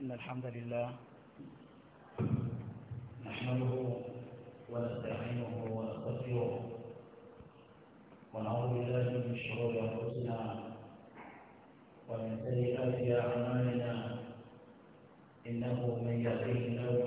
إن الحمد لله نحمده ونستعينه ونستغفره ونعوذ بالله من شرور أنفسنا ومن سيئات أعمالنا إنه من يهديه الله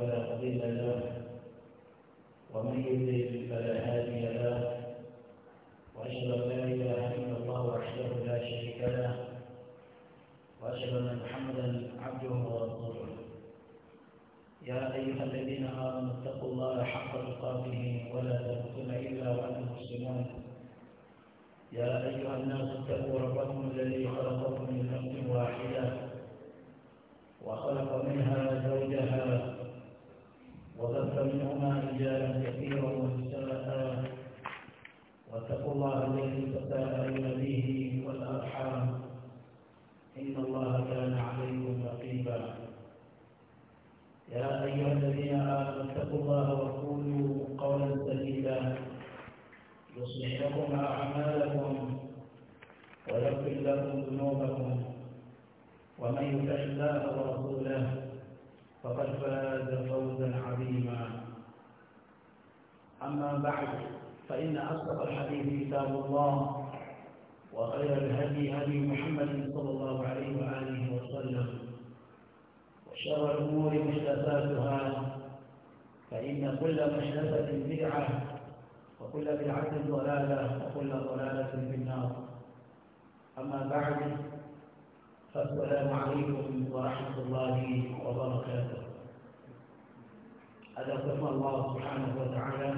الله سبحانه وتعالى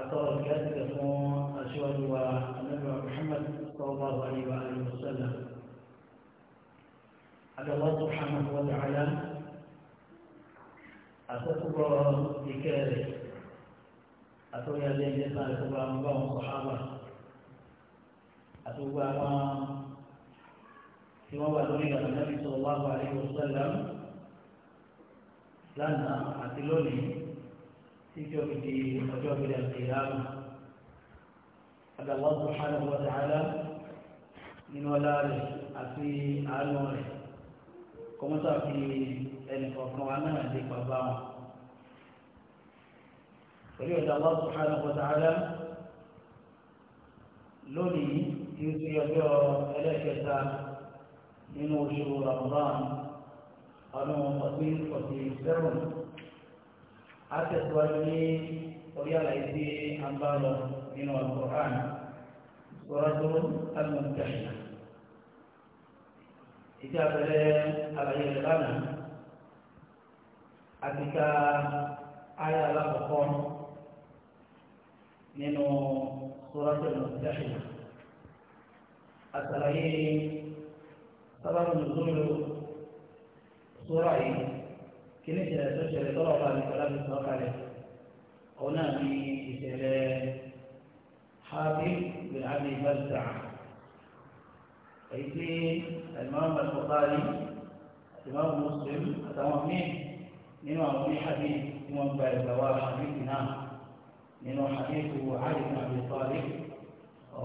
أترى الكاتب أشهد النبي محمد صلى الله عليه وآله وسلم على الله سبحانه وتعالى أتكبر بكاره أتولى الذين يسألكم عن بعض الصحابة أتوبى ما في موضع النبي صلى الله عليه وسلم lánàá àti lónìí tíjọ́ fi di ọjọ́ fi di àkèyàmù adàlọ́ subhanahu wa ta'ala nínú ọlá rẹ̀ àti àánú rẹ̀ kọ́mọ́tà fi ẹnìkọ̀ọ̀kan wa náà dé bàbá wọn. pẹ̀lú adàlọ́ subhanahu wa ta'ala lónìí tí ó ti ọjọ́ ẹlẹ́kẹta nínú oṣù Ramadan ọdún fourteen forty seven àtẹ̀síwájú ní orí àlàyé tí a nínú Al-Qur'an sọ́rọ́tò al-Mumtahina. ìjà bẹ̀rẹ̀ àlàyé rẹ̀ lánàá àti ká ayé alákọ̀ọ́kọ́ nínú sọ́rọ́tò al-Mumtahina. àtàlàyé sábàbù nùzúlù. sura yìí kí ni ìṣẹ̀lẹ̀ tó ṣẹlẹ̀ tọ́lọ̀ ọba mi kọ́lá mi sọ̀rọ̀ kalẹ̀ òun náà ní ìṣẹ̀lẹ̀ hafi bin abi balta èyí tí alimami al-bukhari alimami muslim àtàwọn míì nínú àwọn oníhàbí tí wọ́n gba ìgbàwá habibi náà nínú habibu ali bin abi talib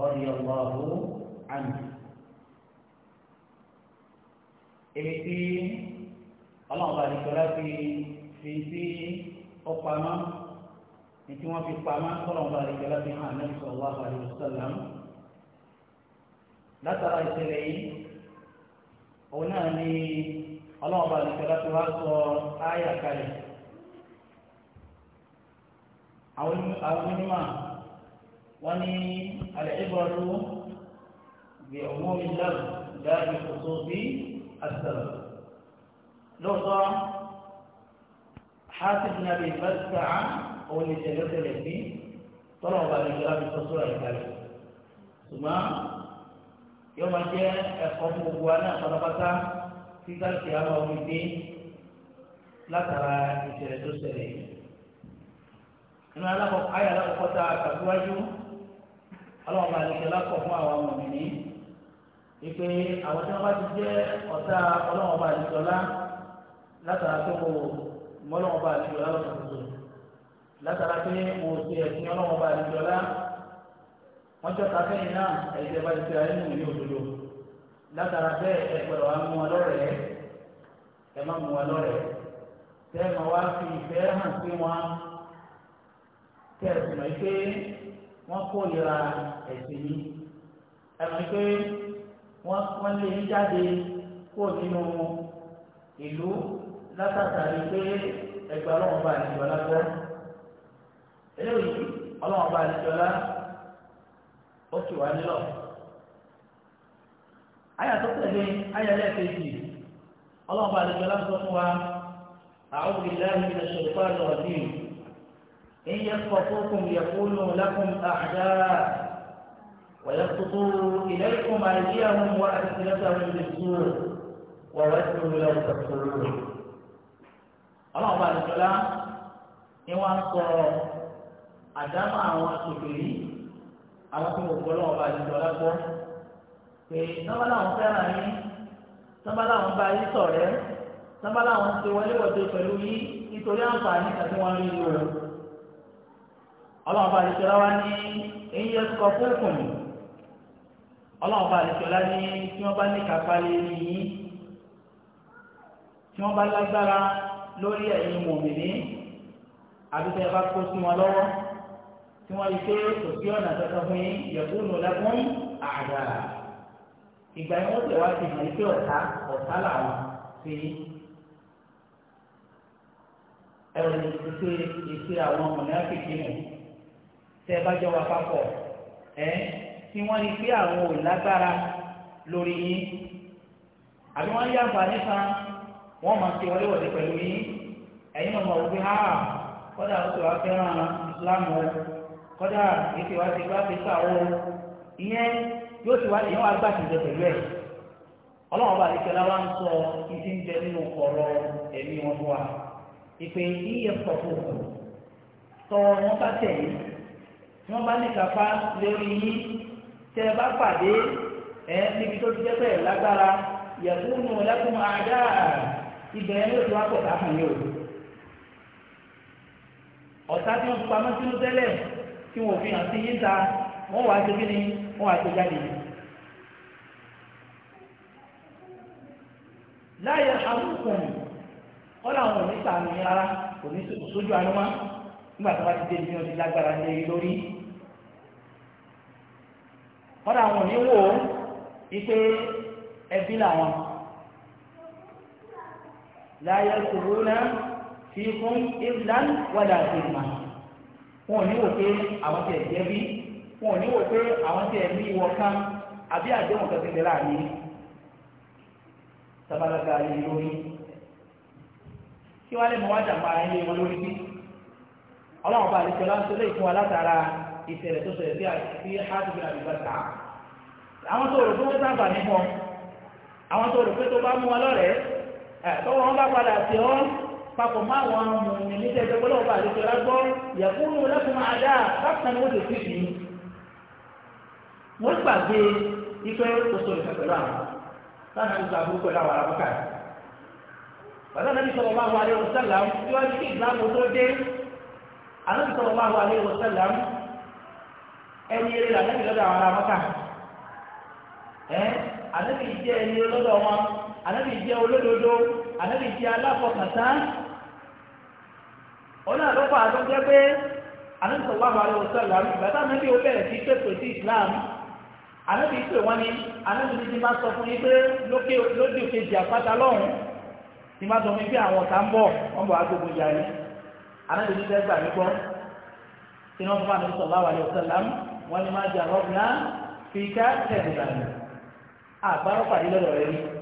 radiyallahu anhu. èyí tí ọlọ́run bá nìkọ́lá fi fi sí ọ̀pamọ́ ní tí wọ́n fi pamọ́ ọlọ́run bá nìkọ́lá fi hàn náà sallallahu alaihi wasallam látara ìṣẹ̀lẹ̀ yìí òun náà ni ọlọ́run bá nìkọ́lá fi wá sọ áyà kalẹ̀ àwọn onímọ̀ wọ́n ní al-ibratu bi umumi al-lafz la bi khususi as-sabab lóòótọ́ hasid nabi fásità òun lè tẹ̀lé tẹ̀lé sí tọ́lọ̀ ọba àdìgbòlá fi sọ́sọ́ rẹ̀ kalẹ̀ ṣùgbọ́n yóò máa jẹ́ ẹ̀kọ́ fún gbogbo wa náà pátápátá tí káàkiri àwọn ọmọ ìdí látara ìṣẹ̀lẹ̀ tó ṣẹlẹ̀ yìí. nínú ayé alákọ̀ọ́kọ́ tá a kàdúwájú ọlọ́run máa lè kẹ́lá kọ̀ fún àwọn ọmọ tí wọ́n bá ti jẹ́ ọ̀tá ọlọ́run máa lè látara pé mo mọ́lọ́wọ́ bá àti ọ̀la lọ́sàn tó látara pé mo ṣe ẹ̀sìn ọlọ́wọ́ bá àti ọ̀la wọ́n jọ́ta fẹ́yìn náà ẹ̀jẹ̀ bá ti tẹ̀lé nínú ìwé òdodo látara bẹ́ẹ̀ ẹgbẹ̀rún wa mú wa lọ́rẹ̀ẹ́ ẹ má mú wa lọ́rẹ̀ẹ́ tẹ́ ẹ máa wá fi ìfẹ́ hàn sí wọn tẹ́ ẹ sì mọ̀ pé wọ́n kó ìra ẹ̀sìn yìí ẹ mọ̀ pé wọ́n lé yín jáde kó nínú ìlú látàkàrí pé ẹgbẹ́ ọlọ́wọ́n bá àdìjọ́lá gbọ́ eléyìí ọlọ́wọ́n bá àdìjọ́lá ó ti wá nílọ. àyà tó tẹ̀lé àyà lẹ́ẹ̀kejì ọlọ́wọ́n bá àdìjọ́lá sọ fún wa àwọn olùdarí ilẹ̀ ṣèlúpá lọ́wọ́ dì إن يثقفوكم يكونوا لكم أعداء ويبسطوا إليكم أيديهم وألسنتهم بالسوء وودوا لو تكفرون ọlọ́run bá àdìsọ́lá ni wọ́n á sọ àdámọ́ àwọn àtòkèrè àwọn tó ń gbọ́ lọ́wọ́ bá àdìsọ́lá gbọ́ pé sábà láwọn fẹ́ràn yín sábà láwọn bá yín ṣọ̀rẹ́ sábà láwọn ṣe wọléwọ̀de pẹ̀lú yín nítorí àǹfààní àti wọn rí lò ọlọ́run bá àdìsọ́lá wá ní èyí yẹ kọ́ fún ìkùnmí ọlọ́run bá àlejòlá ní tí wọ́n bá ní kápá lé ní yín tí wọ́n bá lágbára lórí ẹ̀yin mòmìnì àbíkẹ́ bá kó sí wọn lọ́wọ́ tí wọ́n rí pé kò sí ọ̀nà tuntun fún yín yẹ̀kúnnù lẹ́kún àdá ìgbà yẹn wọ́n tẹ̀ wá sí ìmọ̀ ìpè ọ̀tá ọ̀tá làwọn sí ẹ̀rọ ìṣe ìṣe àwọn mọ̀nàkìkì nù tẹ́ bá jọ wà papọ̀ ẹ̀ tí wọ́n rí pé àwọn ò lórí yín àbí wọ́n yá àǹfààní kan wọ́n máa ti wọlé wọ̀dé pẹ̀lú yín ẹ̀yin ọmọ òwe ha kọ́dà ó ti wá fẹ́ràn islam o kọ́dà yìí ti wá ti wá fi sá o ìyẹn yóò ti wá ìyẹn wá gbà ti jẹ pẹ̀lú ẹ̀ ọlọ́run bá àdìsẹ́ láwa ń sọ ìdí ń jẹ nínú ọ̀rọ̀ ẹ̀mí wọn fún wa ìpè yíyẹ pọ̀pọ̀ tọ́ wọn bá tẹ̀ yín tí bá ní kápá lórí yín tẹ́ bá pàdé ẹ níbi tó ti jẹ́ pẹ̀ lágbára yẹ̀kúnnù lẹ́kùn àdáà. ibẹ̀ yẹn ló ti wá pọ̀ káfọ̀ yìí o ọ̀tá tí wọ́n fi pamọ́ sínú tẹ́lẹ̀ tí wọ́n fi hàn sí yín ta wọ́n wàá ṣe kí ni wọ́n wàá ṣe jáde yìí. láyé amúkùn kọ́lá àwọn òní sàánú yín rárá kò ní sójú àánú wá nígbà ti dé ibi wọn ti lágbára lé láyé kúrú náà fi fún ìlànà wàdà sí ma wọn ò ní wò pé àwọn tiẹ̀ jẹ́ bí wọn ò ní wò pé àwọn tiẹ̀ ní ìwọ kan àbí àdéhùn kan ti lè láàyè sábàlágà ayé lórí kí wọ́n lè mọ wájà máa ń lé wọn lórí bí ọlọ́run bá àlejò ọlọ́run lè fún wa látara ìṣẹ̀lẹ̀ tó ṣẹlẹ̀ sí àti hàtìbí àdìbàtà àwọn tó rò pé wọ́n sábà ní wọn àwọn tó rò pé tó bá mú wa lọ́rẹ̀ẹ́ tọ́wọ́ wọn bá padà sí ọ́ papọ̀ mọ́ àwọn mùmí ní tẹ́jọ́ pé lọ́wọ́ àti ìṣọ́ra gbọ́ yẹ̀kúnú lẹ́kùn máa dá bákan ni wọ́n ti fi sí ya wọ́n gbàgbé ife oṣù ìfẹ́ pẹ̀lú àwọn láti fi ya pẹ̀lú àwọn arábùkà bàtà náà ní sọ̀rọ̀ bá wà lé wọ́sálà tí wọ́n ti kí ìgbàgbó tó dé àná sọ̀rọ̀ bá wà ẹni eré ànábì jẹ́ olódodo ànábì jẹ́ aláfọkàtà ọ̀nà àlọ́pàá àtọ́jẹ́ pé ànábì sallallahu alaihi wasallam bàtà ànábì ó bẹ̀rẹ̀ sí pèpè sí islam ànábì pè wọ́n ni ànábì ti máa sọ fún yín pé lókè lódì kejì àpáta lọ́hùn ti máa sọ fún yín pé àwọn ọ̀tá ń bọ̀ wọ́n bọ̀ agbègbè ìyá yẹn ànábì ti fẹ́ gbà mí gbọ́ tí wọ́n fún ànábì sallallahu alaihi wasallam wọ́n ni máa jà rọ́bìnà fi ká tẹ̀síbà ní àgbárọ́pàdé lọ́dọ̀ rẹ̀ yìí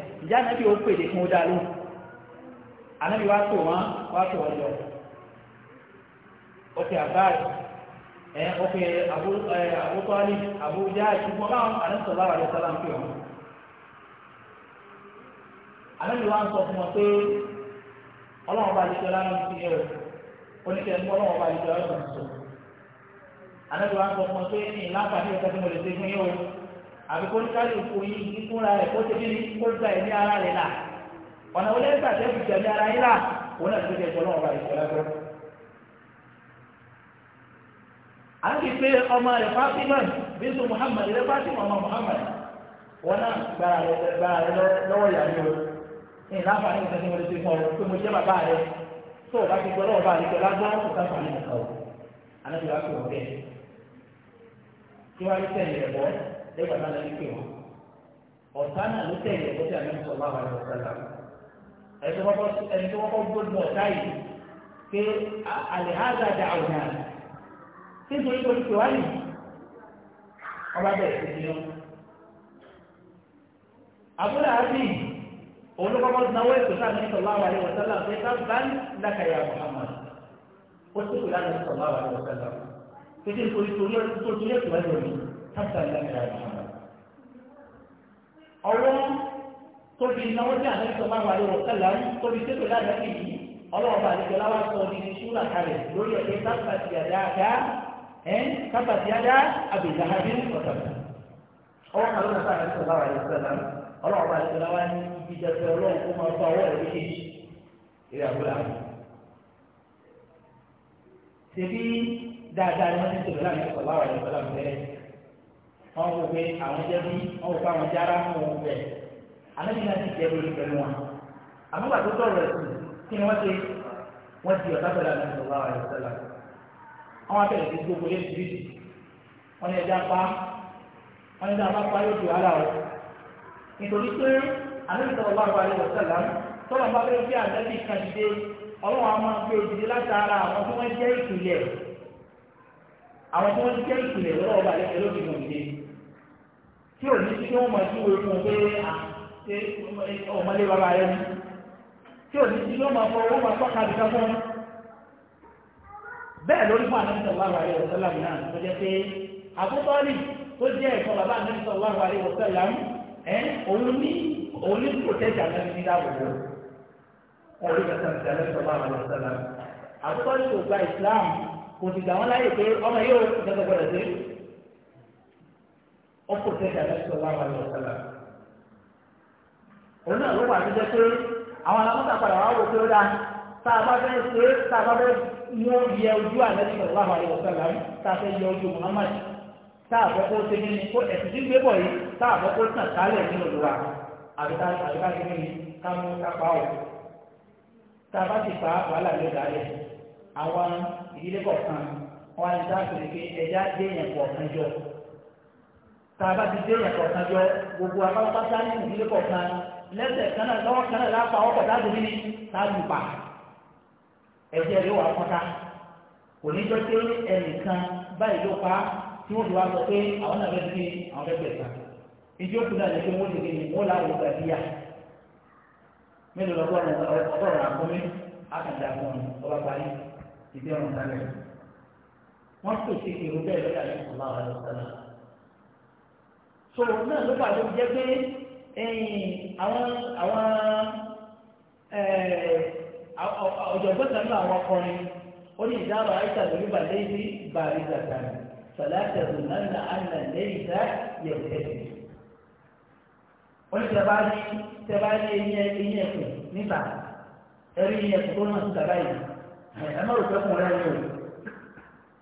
ìjà ànábì ó pèdè fún ó dá lóhùn wá tó wá tó ẹ ọkẹ àbútọ́lì àbújá ìṣùgbọ́n báwọn ànábì sọ̀rọ̀ àwọn àdéhùn sọ́lá ń pè wọn. ànábì wá ń sọ fún wọn pé ọlọ́run bá àdéhùn sọ́lá ń fi ẹ̀ oníkẹ́ ń bọ́ ọlọ́run bá àdéhùn sọ́lá ń sọ wá ń sọ fún wọn pé ìlànà àti ìtọ́jú mo lè ṣe fún àbí kó ní kálukú yìí ní fúnra rẹ̀ kó ṣe kí ni kó gba ẹ̀mí ara rẹ̀ là ọ̀nà wọlé ń tàṣẹ́ fi tẹ̀mí ara yín là òun náà ti fi ẹ̀jọ̀ náà wà ìṣẹ̀lẹ̀ tó. à ń kí pé ọmọ rẹ̀ Fatima bísú Muhammad rẹ̀ Fatima ọmọ Muhammad wọn náà gbára rẹ̀ gbára rẹ̀ lọ́wọ́ ìyàwó ní ìlànà ìṣẹ́ni wọlé ti fún ọ pé mo jẹ́ bàbá rẹ̀ tó o bá ti gbọ́ lọ́wọ́ bá rẹ̀ pẹ̀lú agbára kò sáfà ní ìkàwọ́ àná ti lẹ́gbàá náà lẹ́yìn pé wọn ọ̀tá náà ló tẹ̀lé ẹ̀kọ́ tí àmì sọ̀rọ̀ àwọn ẹ̀rọ sọ̀rọ̀ ẹni tó kọ́kọ́ gbọ́dọ̀ ọ̀tá yìí pé àlèhàzà dà ọ̀nà tí nítorí pé olùkọ́ wá yìí ọba bẹ̀rẹ̀ sí ní àbúrò àbí olùkọ́kọ́ náwó ẹ̀kọ́ tí àmì sọ̀rọ̀ àwọn ẹ̀rọ sọ̀rọ̀ pé káfíńtì lákàyà Muhammad ó sì kúrò àmì sọ̀rọ̀ àwọn ẹ̀rọ sọ̀rọ̀ pé nítorí torí ẹ̀kọ́ ẹ̀rọ yìí hàtà lẹ́yìn àìsàn. ọwọ́ tóbi náwó tí àná ìsọ̀mọ́ àwọn àlejò kẹlẹ́ ń tóbi tètè láàrín ẹ̀kí yìí ọlọ́wọ́ bá àlejò láwá sọ ní ṣúra kalẹ̀ lórí ẹ̀kẹ́ sábàtì àdáadá ẹ̀ sábàtì àdá àbèjáde ọ̀tàbà. ọwọ́ kan ló ń sá àlejò láwá àlejò kẹlẹ́ ọlọ́wọ́ bá àlejò láwá ní ìjẹsẹ̀ ọlọ́wọ́ kó máa fọ ọwọ́ rẹ̀ méjèèjì ìrẹ̀ àbúrà. ṣèbí dáadáa ni wọ́n ti sọ̀rọ̀ wọn kò pé àwọn jẹ bí wọn kò pé àwọn jẹ ara wọn kò bẹ anabi náà ti jẹ lórí pẹ̀lú wọn àmúgbà tó tọrọ ẹsùn kí ni wọn ṣe wọn di ọ̀tá pẹ̀lú àti ìṣọ̀lá àti ìṣọ̀lá àwọn abẹ́rẹ́ ti gbogbo lé ti bíbí wọn ni ẹja pa wọn ni ẹja pa pa yóò di wàhálà o nítorí pé anabi sọ̀rọ̀ wà wà lẹ́wọ̀sẹ̀lá tọ́lọ̀ bá fẹ́ fi àtẹ́bí kan dìde ọlọ́run a máa gbé ìdílé látara àwọn tí wọ́n jẹ́ ìpìlẹ̀ àwọn tí wọ́n jẹ́ ìpìlẹ̀ lọ́wọ́ balẹ̀ ẹlòmíràn dìde tí ò ní tí wọ́n mọ̀ sí ìwé fún pé ọmọlé bàbá rẹ̀ ni tí ò ní tí wọ́n mọ̀ fọwọ́ máa tọ́ka bí káfọ́ bẹ́ẹ̀ lórí fún àdáńtọ̀ wà wàlẹ̀ ọ̀sẹ́lá náà tó jẹ́ pé àbútọ́lì tó jẹ́ ẹ̀kọ́ bàbá àdáńtọ̀ wà wàlẹ̀ ọ̀sẹ́lá ẹ̀ òun ní òun ní pòtẹ́jà náà ní dáwòwò ọ̀rí kẹsàn-án ìdálẹ́sọ̀ wà wàlẹ̀ ọ̀sẹ́lá àbútọ́lì kò gba ìsìláàmù kò ọkọ̀ tẹ̀sán lẹ́sọ̀ láwọn àlọ́ sọ́lá. òun náà ló wà ní jẹ́ pé àwọn alámọ́ta padà wà wò pé ó dáa tá a bá fẹ́ ṣe tá a bá fẹ́ mú yẹ ojú àlẹ́sì láwọn àlọ́ sọ́lá tá a fẹ́ yẹ ojú Muhammad tá a fẹ́ kó ṣe ní kó ẹ̀sìn tí ń gbé bọ̀ yìí tá a fẹ́ kó tàn kálẹ̀ nínú ìlúwa àbíká àbíká ṣe ní ká mú kápá ọ̀ tá a bá ti fa wàhálà tá a bá ti dé yẹn kọ̀ọ̀kan jọ gbogbo apátápátá ní ìdílé kọ̀ọ̀kan lẹ́sẹ̀ kanáà lọ́wọ́ kanáà lápá ọkọ̀ dáàbò mi ní táàbù pa ẹ̀jẹ̀ rẹ̀ wà kọ́ta kò ní jọ pé ẹnìkan báyìí ló pa tí wọ́n ti wá sọ pé àwọn náà fẹ́ẹ́ fi àwọn fẹ́ẹ́ gbẹ̀sà ìdí òkú náà lè fi wọ́n lè ní wọ́n láwùjọ gbàdíyà mélòó lọ́gọ́rùn ọgọ́rùn àkọ́mí àkàndá fún so náà ló pàdé jẹ́ pé àwọn àwọn ọ̀jọ̀gbọ́n kan náà àwọn akọrin ó ní ìdáàbà àìsàn lórí bàlẹ́ ìdí bàrí zàtàn sàlátà lùnàlà àná lẹ́yìn dá yẹ̀wẹ̀ wọ́n ti bá ní tẹ bá ní eyín eyín ẹ̀kùn níta ẹ̀rí eyín ẹ̀kùn tó náà síta báyìí ẹ̀ má rò pé kùn rẹ̀ ni o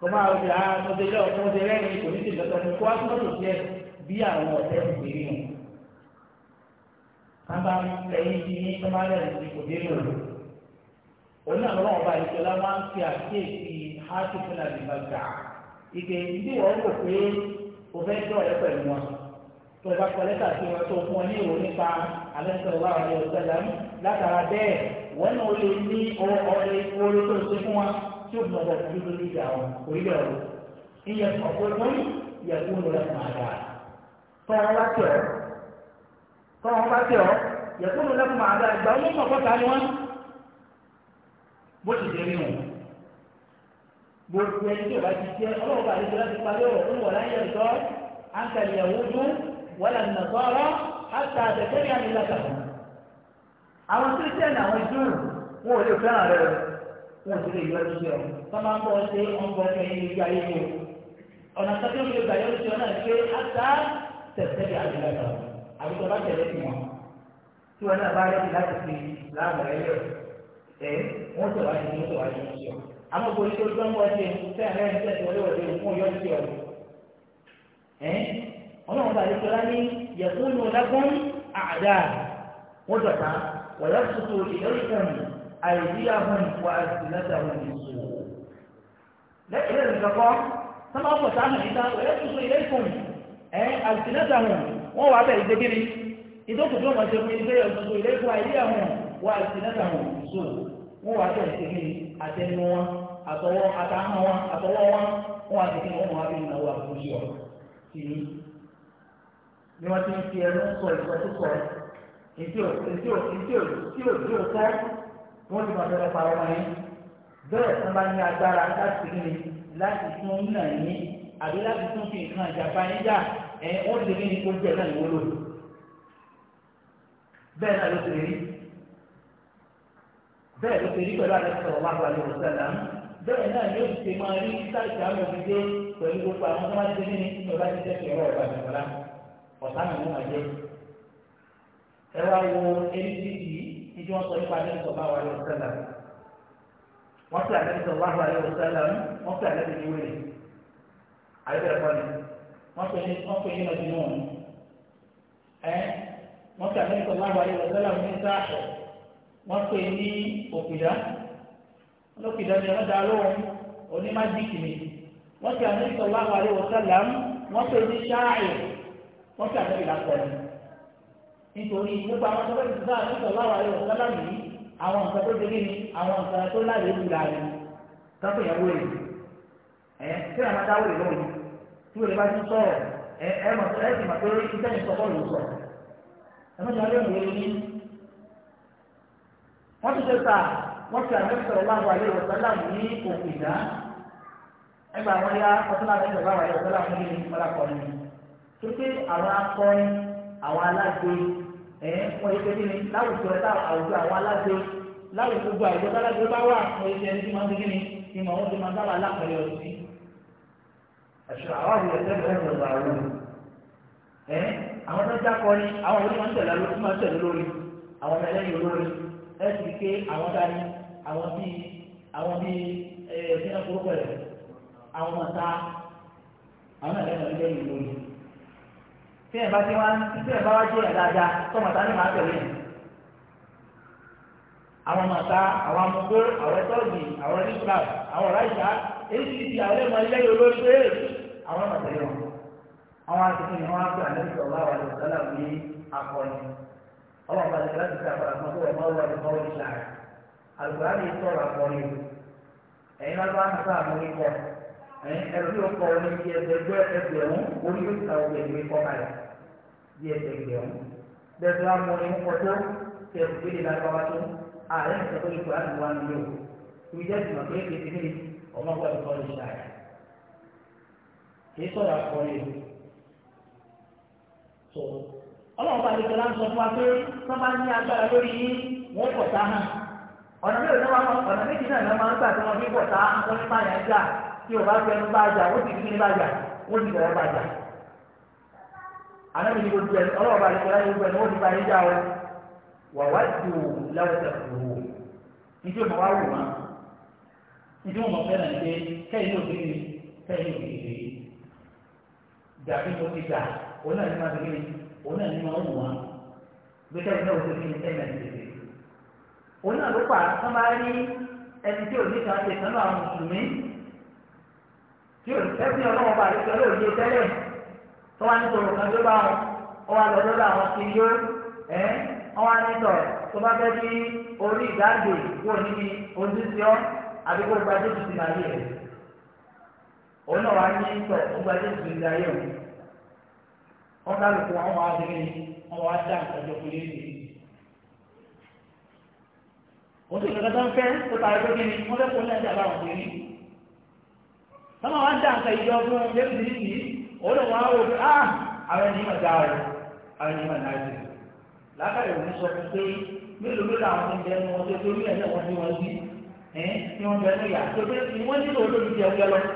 kò máa rò pé ah mo ní ti lọ́tọ̀ mo kó bí àwọn ọ̀tẹ́ ti pè mí. Sábà lẹ́yìn tí ní Sọ́málẹ̀ ti kò dé lò. Òun náà lọ́wọ́ ọba ìṣọ̀lá máa ń fi àkíyèsí Háàtì fún àdìbàgà. Ìgbè ìdí wọ́n rò pé o fẹ́ dọ̀ ẹ́ pẹ̀lú wọn. Tó o bá kọ lẹ́tà sí wọn tó fún ọ ní ìròyìn nípa àlẹ́sọ̀rọ̀ wà ní ọ̀sẹ̀ lẹ́nu. Látara bẹ́ẹ̀, wọ́n náà lè ní ọ̀rẹ́ orí tó ṣe fún wọn tí ó gbọ́dọ̀ fún lórí ìjà wọn orílẹ̀ ọ̀rọ̀. Ìyẹn ọ̀pọ̀ ìwọ́n yẹ kó lọ́ọ́ máa dáa tọ́wọ́n bá tẹ̀ ọ́ tọ́wọ́n bá tẹ̀ ọ́ yẹ̀kúrò lẹ́kùn máa dá ìgbà wọn mọ̀ kọ́ta ni wọ́n bó ti dé nínú gbogbo ẹni tí o bá ti jẹ ọlọ́wọ́ bá yẹn ti parí ọ̀rọ̀ fún wọ̀lá yẹn sọ àǹkàlì ẹ̀wọ́dún wọ́lá nàtọ́rọ́ àtà àtẹ̀tẹ̀rì àmìlàkà àwọn kírísítẹ́nì àwọn júù wọn ò lè fẹ́ràn rẹ wọn ò sì lè yọ ọ́dún sọ́mà ń bọ̀ ṣe ọ̀nbọ̀n ẹ̀yìn ìgbà yẹn ọ̀nà kẹ́kẹ́ mi lè gbà yọ ọ́dún sí ọ àtà tẹ̀síẹ̀dì àdìlẹ́tà àbíkọ́ bá tẹ̀lé sí wọn tí wọn náà bá yẹ kí láti fi láàbọ̀ ẹ̀yẹ ẹ̀ wọ́n tẹ̀ wá sí wọ́n tẹ̀ wá sí ọ̀ṣọ́ àmọ́ kò ní tó gbọ́n wọ́n ṣe fẹ́ẹ̀rẹ́ ń tẹ̀sí wọlé wọlé fún yọ sí ọ̀rọ̀ ẹ̀ ọlọ́run bá yẹtọ́ lá ní yẹ̀kúnnù lágbọ́n àdá wọ́n dọ̀tá wọ̀lá tuntun ìlẹ́rìkan àìdíyàhùn wà ẹ àlùsínẹ́tà hàn wọ́n wà bẹ̀rẹ̀ ìdégéni ìdókòtò ọmọ ṣe fún ilé ọ̀sọ̀tò ilé ìfọ àìlí àwọn wà àlùsínẹ́tà hàn so wọ́n wà bẹ̀rẹ̀ ìdégéni àtẹnu wọn àtọwọ́ àtàhàn wọn àtọwọ́ wọn wọ́n wà dégéni wọ́n wà bẹ̀rẹ̀ ìnáwó àkójọ kìíní ni wọ́n ti ń fi ẹnu sọ ìsọkúsọ ètò ètò ètò tí ò tí ò tọ́ wọ́n ti máa fẹ́rẹ̀ pa ọmọ yẹn bẹ́ẹ̀ tí ní agbára láti àbí láti tún fi nǹkan ìjàpá yín jà ẹ wọ́n ti ní gbogbo ẹ̀ náà ni wọ́n lò bẹ́ẹ̀ náà ló ti rí bẹ́ẹ̀ ló ti rí pẹ̀lú àdéhùn sọ̀rọ̀ wá pàdé òṣèlú bẹ́ẹ̀ náà ni ó ti ṣe máa rí sáìsì àmì òfìdé pẹ̀lú gbogbo àwọn tó máa ń ṣe nínú ìpínlẹ̀ bá ti tẹ̀sí ọ̀rọ̀ ọ̀gbà ìjọba ọ̀tá mi wọ́n máa jẹ́ ẹ wá wo abcd ìjọ sọ nípa àdéhùn sọ̀rọ̀ wá pàdé òṣèlú wọ́n ti àdéhùn sọ̀rọ̀ wá pàdé òṣèlú wọ́n ti àdéhùn ìwé àyẹ̀bẹ̀rẹ̀ kọ́ni wọ́n pè ní wọ́n pè ní mẹ́tìmọ́ ẹ́ wọ́n pè ní sọ̀rọ̀ àwọn àyẹ̀wò sẹ́lá ní sáàṣọ̀ wọ́n pè ní òkìdá olókìdá ni wọ́n dá lóhùn onímájíkì ni wọ́n pè ní sọ̀rọ̀ àwọn àyẹ̀wò sẹ́lá wọ́n pè ní sáàì wọ́n pè ní ìlàkọ̀ọ́ni nítorí gbogbo àwọn tó bẹ́ẹ̀ ti sọ àwọn sọ̀rọ̀ àwọn àyẹ̀wò sẹ́lá yìí àwọn nǹkan tó dégé ni àwọn nǹkan tó láyé wù láàyè káfíńyàwó rẹ̀ ẹ̀ kí tí olè bá ti sọ̀rọ̀ ẹ ẹ mọ̀ ẹ sì mọ̀ pé iṣẹ́ yìí sọ̀kọ́ ló sọ̀ ẹ mọ̀ sọ̀rọ̀ lóyún lóyún ní. wọ́n ti ṣe ta wọ́n ti àmì sọ̀rọ̀ wá wà lóyún ọ̀sánlá ní òkè ìdá ẹgbà wọn yá ọ̀sánlá ní sọ̀rọ̀ wà lóyún ọ̀sánlá ní ìpínlẹ̀ akọni tó pé àwọn akọni àwọn alágbe ẹ wọ́n yẹ kékeré láwùjọ àwùjọ àwọn alágbe láwùjọ gbogbo àwùjọ alágbe bá wà wọ́n àṣàrà ìrẹsẹ̀ fẹ́ lọ́wọ́ àwọn ẹ̀ àwọn tó jákọ́ ni àwọn olóyún máa ń tẹ̀lé lórí máa ń tẹ̀lé lórí àwọn ọmọ ẹlẹ́yìn olórí ẹ̀ sì ké àwọn dání àwọn bíi àwọn bíi ẹ̀ẹ́dẹ́ náà kúrò pẹ̀lẹ́ àwọn ọmọ ta àwọn ẹlẹ́yìn olóyún lórí. tí ẹ̀ bá ti wá tí ẹ̀ bá wá jẹ́ ẹ̀ dáadáa tọ́mọ̀ ta ni màá tẹ̀lé yìí àwọn ọmọ ta àwọn amúgbó àwọn tọ́ọ̀gì àwọn nígbà àwọn ráìsà èyí ti àwọn ọ̀tẹ̀lẹ̀ wọn àwọn akéwì wọn á gbé àlejò ọ̀la wà lọ sálà ní akọni ọlọ́run bá ti láti ṣe àpàrà fún ọkọ̀ ọmọ ọlọ́run ọmọ ọlọ́run ṣe àrẹ àlùkòrá lè sọ̀rọ̀ akọni ẹ̀yin náà bá ń sá àwọn oníkọ ẹ̀rọ yóò kọ oní bí ẹgbẹ́ ẹgbẹ̀rún orí yóò ta ọgbẹ̀ ìwé kọ́ kalẹ̀ bí ẹgbẹ̀rún bẹ́ẹ̀ tó àwọn oní kọ́ tó kẹ́ ìpínlẹ̀ lágbára tó ààrẹ ìṣẹ́kọ̀ọ́ ìkọ̀ àdúgbò àdúgbò ìjẹ́ ìgbà pé kékeré ọmọ ọgbà ìkọ́ ọ̀rẹ́ ṣe àrẹ. èyí sọ̀rọ̀ àkọlé o. tó ọlọ́run bá dikẹ́ láti fún wa pé tó bá ní agbára lórí yín wọ́n hàn. ọ̀nà méjì náà máa ọ̀nà méjì náà náà máa ń gbà tí wọ́n fi wọ́n ní báyà jà tí bá bá jà fi ní bá jà bẹ̀rẹ̀ bá jà. gbogbo ẹni ọlọ́run bá gbogbo o. wà wá tàbí tó ti gbà òun náà ní máa tó kéde òun náà ní máa ń wọ̀n bí kẹ́kẹ́ náà ó ti kéde ẹ̀mẹ̀ tètè. òun náà ló pa wọ́n bá rí ẹni tí òní kan ṣe sánú àwọn mùsùlùmí tí ẹ̀sìn ọlọ́wọ́ bá rí pẹ̀lú òye tẹ́lẹ̀ tó wá nítorò kan tó bá wọn ó wá lọ lọ́dọ̀ àwọn ti yó ẹ́ wọ́n wá nítọ̀ tó bá fẹ́ bí orí ìdáǹdè kúrò níbi ojúṣe ọ́ àbíkó gbajú tuntun láyé rẹ̀. òun wa wà ní pẹ̀ ọgbà tó ti ayé wọn ká lóko wọn fún yé ń fẹ́ kó ta ẹgbẹ́ kí ni wọ́n fẹ́ kó ní fún yé. dá nǹkan ìjọ fún ní wò pé ah,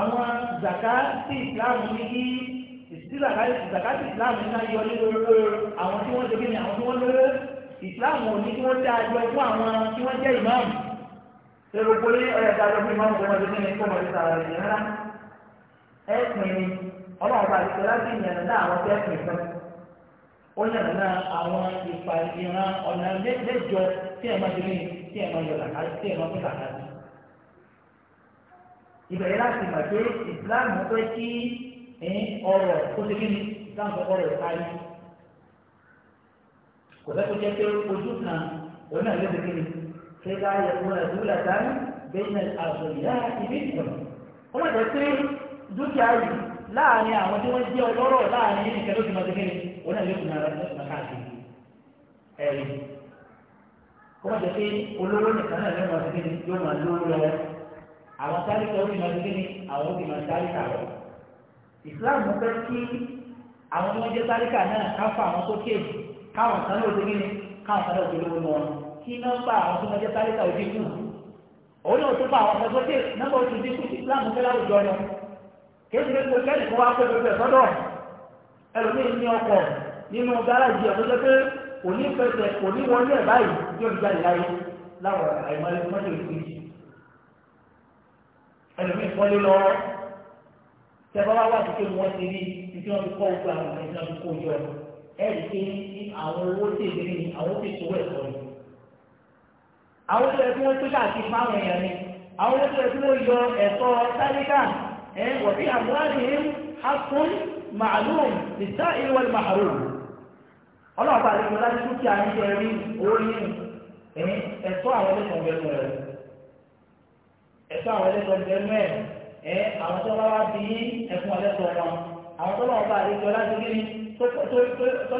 àwọn zakati ìsìláàmù ní kí zakati ìsìláàmù ní náà yọ nínú àwọn tí wọ́n dégbé ní àwọn tí wọ́n lówó ìsìláàmù ò ní kí wọ́n dá àjọ fún àwọn tí wọ́n jẹ́ ìmáàmù èrò pé ọ̀yà dájọ́ fún ìmáàmù tó wọ́n dégbé ní kó wọ́n sàrà rẹ̀ rárá ẹ pin ni ọlọ́run bá ti láti yànnà náà àwọn tẹ́ pin fún ó yànnà náà àwọn ìpàdé ìran ọ̀nà mẹ́jọ tí ẹ̀ máa dégbé tí ẹ̀ máa yọ ìbẹ̀rẹ̀ láti mọ̀ pé islam fẹ́ kí ọrọ̀ kó ṣe kí ni islam fẹ́ kọ́ ọrọ̀ káyé kò fẹ́ kó jẹ́ pé ojú kan òun náà ló ṣe kí ni ṣé ká yẹ kó rẹ̀ dúró làtàrí bẹ́ẹ̀ ní àṣọ ìyá ìbí ìtàn ó má jẹ́ pé dúkìá yìí láàrin àwọn tí wọ́n jẹ́ ọlọ́rọ̀ láàrin nìkan ló ti máa ṣe kí ni òun náà ló ti máa káàkiri ẹ̀rí kó má jẹ́ pé olówó nìkan náà ló máa ṣe kí ni àwọn sáríkà ó sì máa gbé ní àwọn ó sì máa sáríkà lọ ìsìláàmù fẹ́ kí àwọn ọmọ jẹ́ sáríkà náà ká fún àwọn tó kéèkì káwọn kan náà ti gbé káwọn kan náà ti lówó lọ kí nọ́mbà àwọn tó máa jẹ́ sáríkà ó dínkù òun náà tó fún àwọn kan tó kéèkì nọ́mbà ó ti dínkù ìsìláàmù fẹ́ láwùjọ lọ kéèkì ló kẹ́ni kó wá pé gbogbo sọ́dọ̀ ẹlòmíín ní ọkọ̀ nínú gáràjì ẹ̀ tó ẹlòmíì pọ́nlé lọ́wọ́ tẹ́fọ́ wá wá àtúntò ni wọ́n ti rí títí wọ́n fi kọ́ ojú àwọn ọ̀gbìn tí wọ́n fi kó ojú ẹ̀ ẹ̀rí pé àwọn owó tè lé ní àwọn tè sówó ẹ̀kọ́ ni. àwọn tó yẹ kí wọ́n tó káàkiri fáwọn èèyàn ni àwọn tó yẹ kí yọ ẹ̀tọ́ sáríkà ẹ̀ wọ̀bí àbúrádìrín hakun màálùm nìta ìwọ̀n màálùm. ọlọ́ọ̀bà àti ìgbọ́lá ẹ̀tọ́ àwọn ẹlẹ́tọ̀ jẹ́ mẹ́ẹ̀ ẹ àwọn tó bá wá bí ẹ̀fún ẹlẹ́tọ̀ wọn àwọn tó lọ́wọ́ bá àdéjọ láti kí ni tó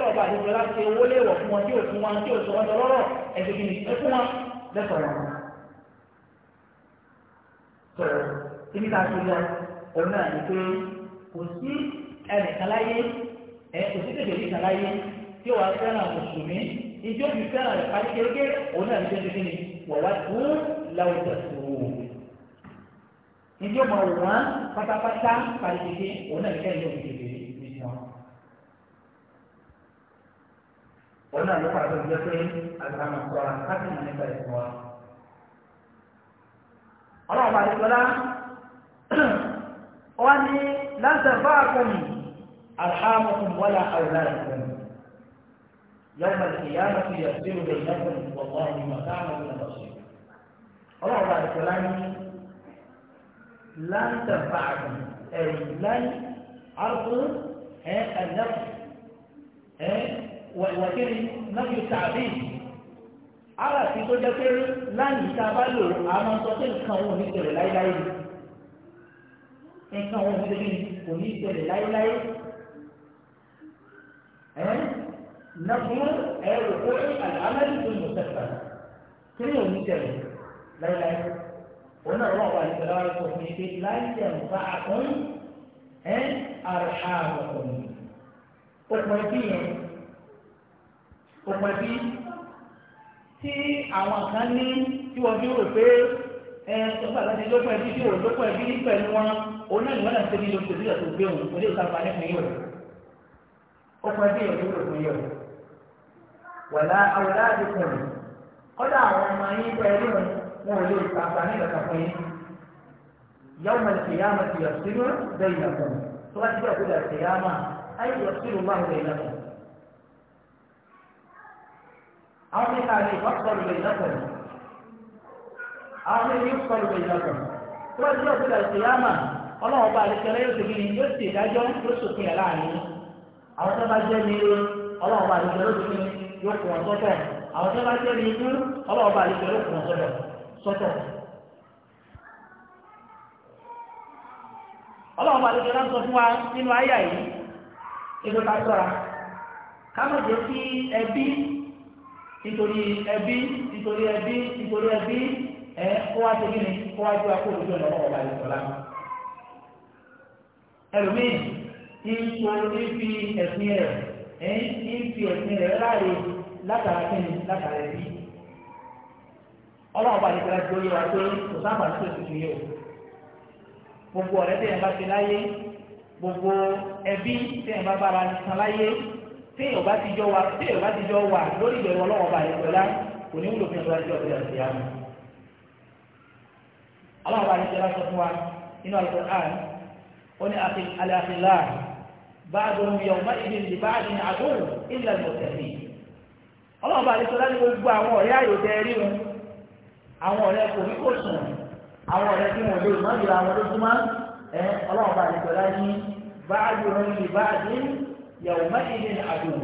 lọ́wọ́ bá àdéjọ láti owó lè wọ̀ fún wọn tí ò fún wọn tí ò sọ wọn lọ́rọ̀ ẹ̀sìn kí ni ẹ̀fún wọn lẹ́tọ̀ wọn. sọ̀rọ̀ ibi tá a ti lọ òun náà ni pé kò sí ẹnìkan láyé ẹ kò sí tètè nìkan láyé tí ó wà fẹ́ràn mùsùlùmí ìjọ́ fi fẹ́ràn rẹ̀ parí kéréké ìdí ọmọ wọn pátápátá pàdédé òun náà kẹ́lẹ́ òun kébé níbi wọn. òun náà ló pàdé ìjọ pé àgbàmọ̀ sọ̀rọ̀ káàkiri mọ̀ nípa ẹ̀kọ́ wa. ọlọ́run àdìgbọ́lá wọ́n ní lásán bá àkọ́mù àhámọ́kùn wọ́lá àwòrán ẹ̀kọ́mù. يوم القيامة يفصل بينكم والله مكانه من بصير. الله عز وجل لن تنفعكم لن عرض النفس وكذلك نفي التعبيد ara ti tó jẹ́ pé láyìí tá a bá lò á máa sọ pé nǹkan òun ò ní tẹ̀lé láéláé nǹkan òun ò ní kò ní tẹ̀lé láéláé ẹ nàfún ẹ rò pé àlámẹ́lì tó ń lò sẹ́fà kí ni òun ní tẹ̀lé láéláé òun náà wà wà nípa láwọn ẹ̀kọ́ fún yín pé láyé ẹ̀ǹfà àkún ẹ̀ àrùhà àbọ̀kùn òpin ẹbí yẹn òpin ẹbí tí àwọn kan ní tí wọ́n fi rò pé ẹ ọgbà láti lópin ẹbí tí wọ́n lópin ẹbí pẹ̀lú wọn òun náà níwọ̀n náà ṣe ní lóṣù tó yẹ kó gbé òun olè ìta fani fún yín o òpin ẹbí yẹn ló rò fún yín o wàlá àwòrán àdìkùn kọ́dà àwọn ọmọ yín pẹ̀lú òun wọn ò lè sàǹfààní kankan fún yín yàwó máa ṣe yá máa ti yọ sínú bẹ́ẹ̀ yà kọ́ tó bá ti bẹ́ẹ̀ kó dàrú ṣe yá máa ayé yọ sínú máa ń bẹ́ẹ̀ yà kọ́. àwọn mi kà ní ìfọ́sọ̀rọ̀ bẹ́ẹ̀ yà kọ́ àwọn mi ní ìfọ́sọ̀rọ̀ bẹ́ẹ̀ yà kọ́ tó bá ti bẹ́ẹ̀ kó dàrú ṣe ọlọ́wọ́ bá àdékẹ́lẹ́ yóò ṣe yóò ṣe ìdájọ́ yóò ṣòfin ẹ̀ láàrin àwọn tó bá jẹ́ ní ọlọ́wọ́ bá àdékẹ́lẹ́ yóò ṣe yóò kù wọn sọ́tọ̀ àwọn tó bá jẹ́ ní ọlọ́wọ́ bá àdékẹ́lẹ́ yóò kù wọn sọ́tọ̀ sọ́tọ̀. ọlọ́run bá lè jọra sọ fún wa nínú àyà yìí ètò ta sọ́ra ká má jẹ́ sí ẹbí nítorí ẹbí nítorí ẹbí nítorí ẹbí ẹ kó wá sí kíni kó wá ju akó òjò lọ́wọ́ ọ̀gá ìsọ̀lá ẹlòmíì ní sọ ní fi ẹ̀sìn rẹ̀ ẹ̀ ní fi ẹ̀sìn rẹ̀ láàyè látara kíni látara ẹbí ọlọ́ọ̀bà ní kíláàsì lórí wa pé kò sábà ní tòṣìṣì yìí o gbogbo ọ̀rẹ́ tẹ̀yìn bá ti láyé gbogbo ẹbí tẹ̀yìn bá bára nìkan láyé téèyàn bá ti jọ wà téèyàn bá ti jọ wà lórí ìbẹ̀rù ọlọ́ọ̀bà yìí pẹ̀lá kò ní wúlò fún ẹgbẹ́ ọjọ́ ìgbà ìgbà ìyá mi. ọlọ́ọ̀bà ní kíláàsì fún wa nínú Al-Qur'an ó ní al-akhillah ba'duhum yawma'idhin li ba'din aduwwun illa al ní kíláàsì àwọn ọ̀rẹ́ kò ní kò sùn àwọn ọ̀rẹ́ tí wọn lè má yọ àwọn lójúmọ́ ẹ ọlọ́run bá àdìgbò láyé báàdì rẹ̀ ní báàdì yàwó mẹ́rin ní àdùn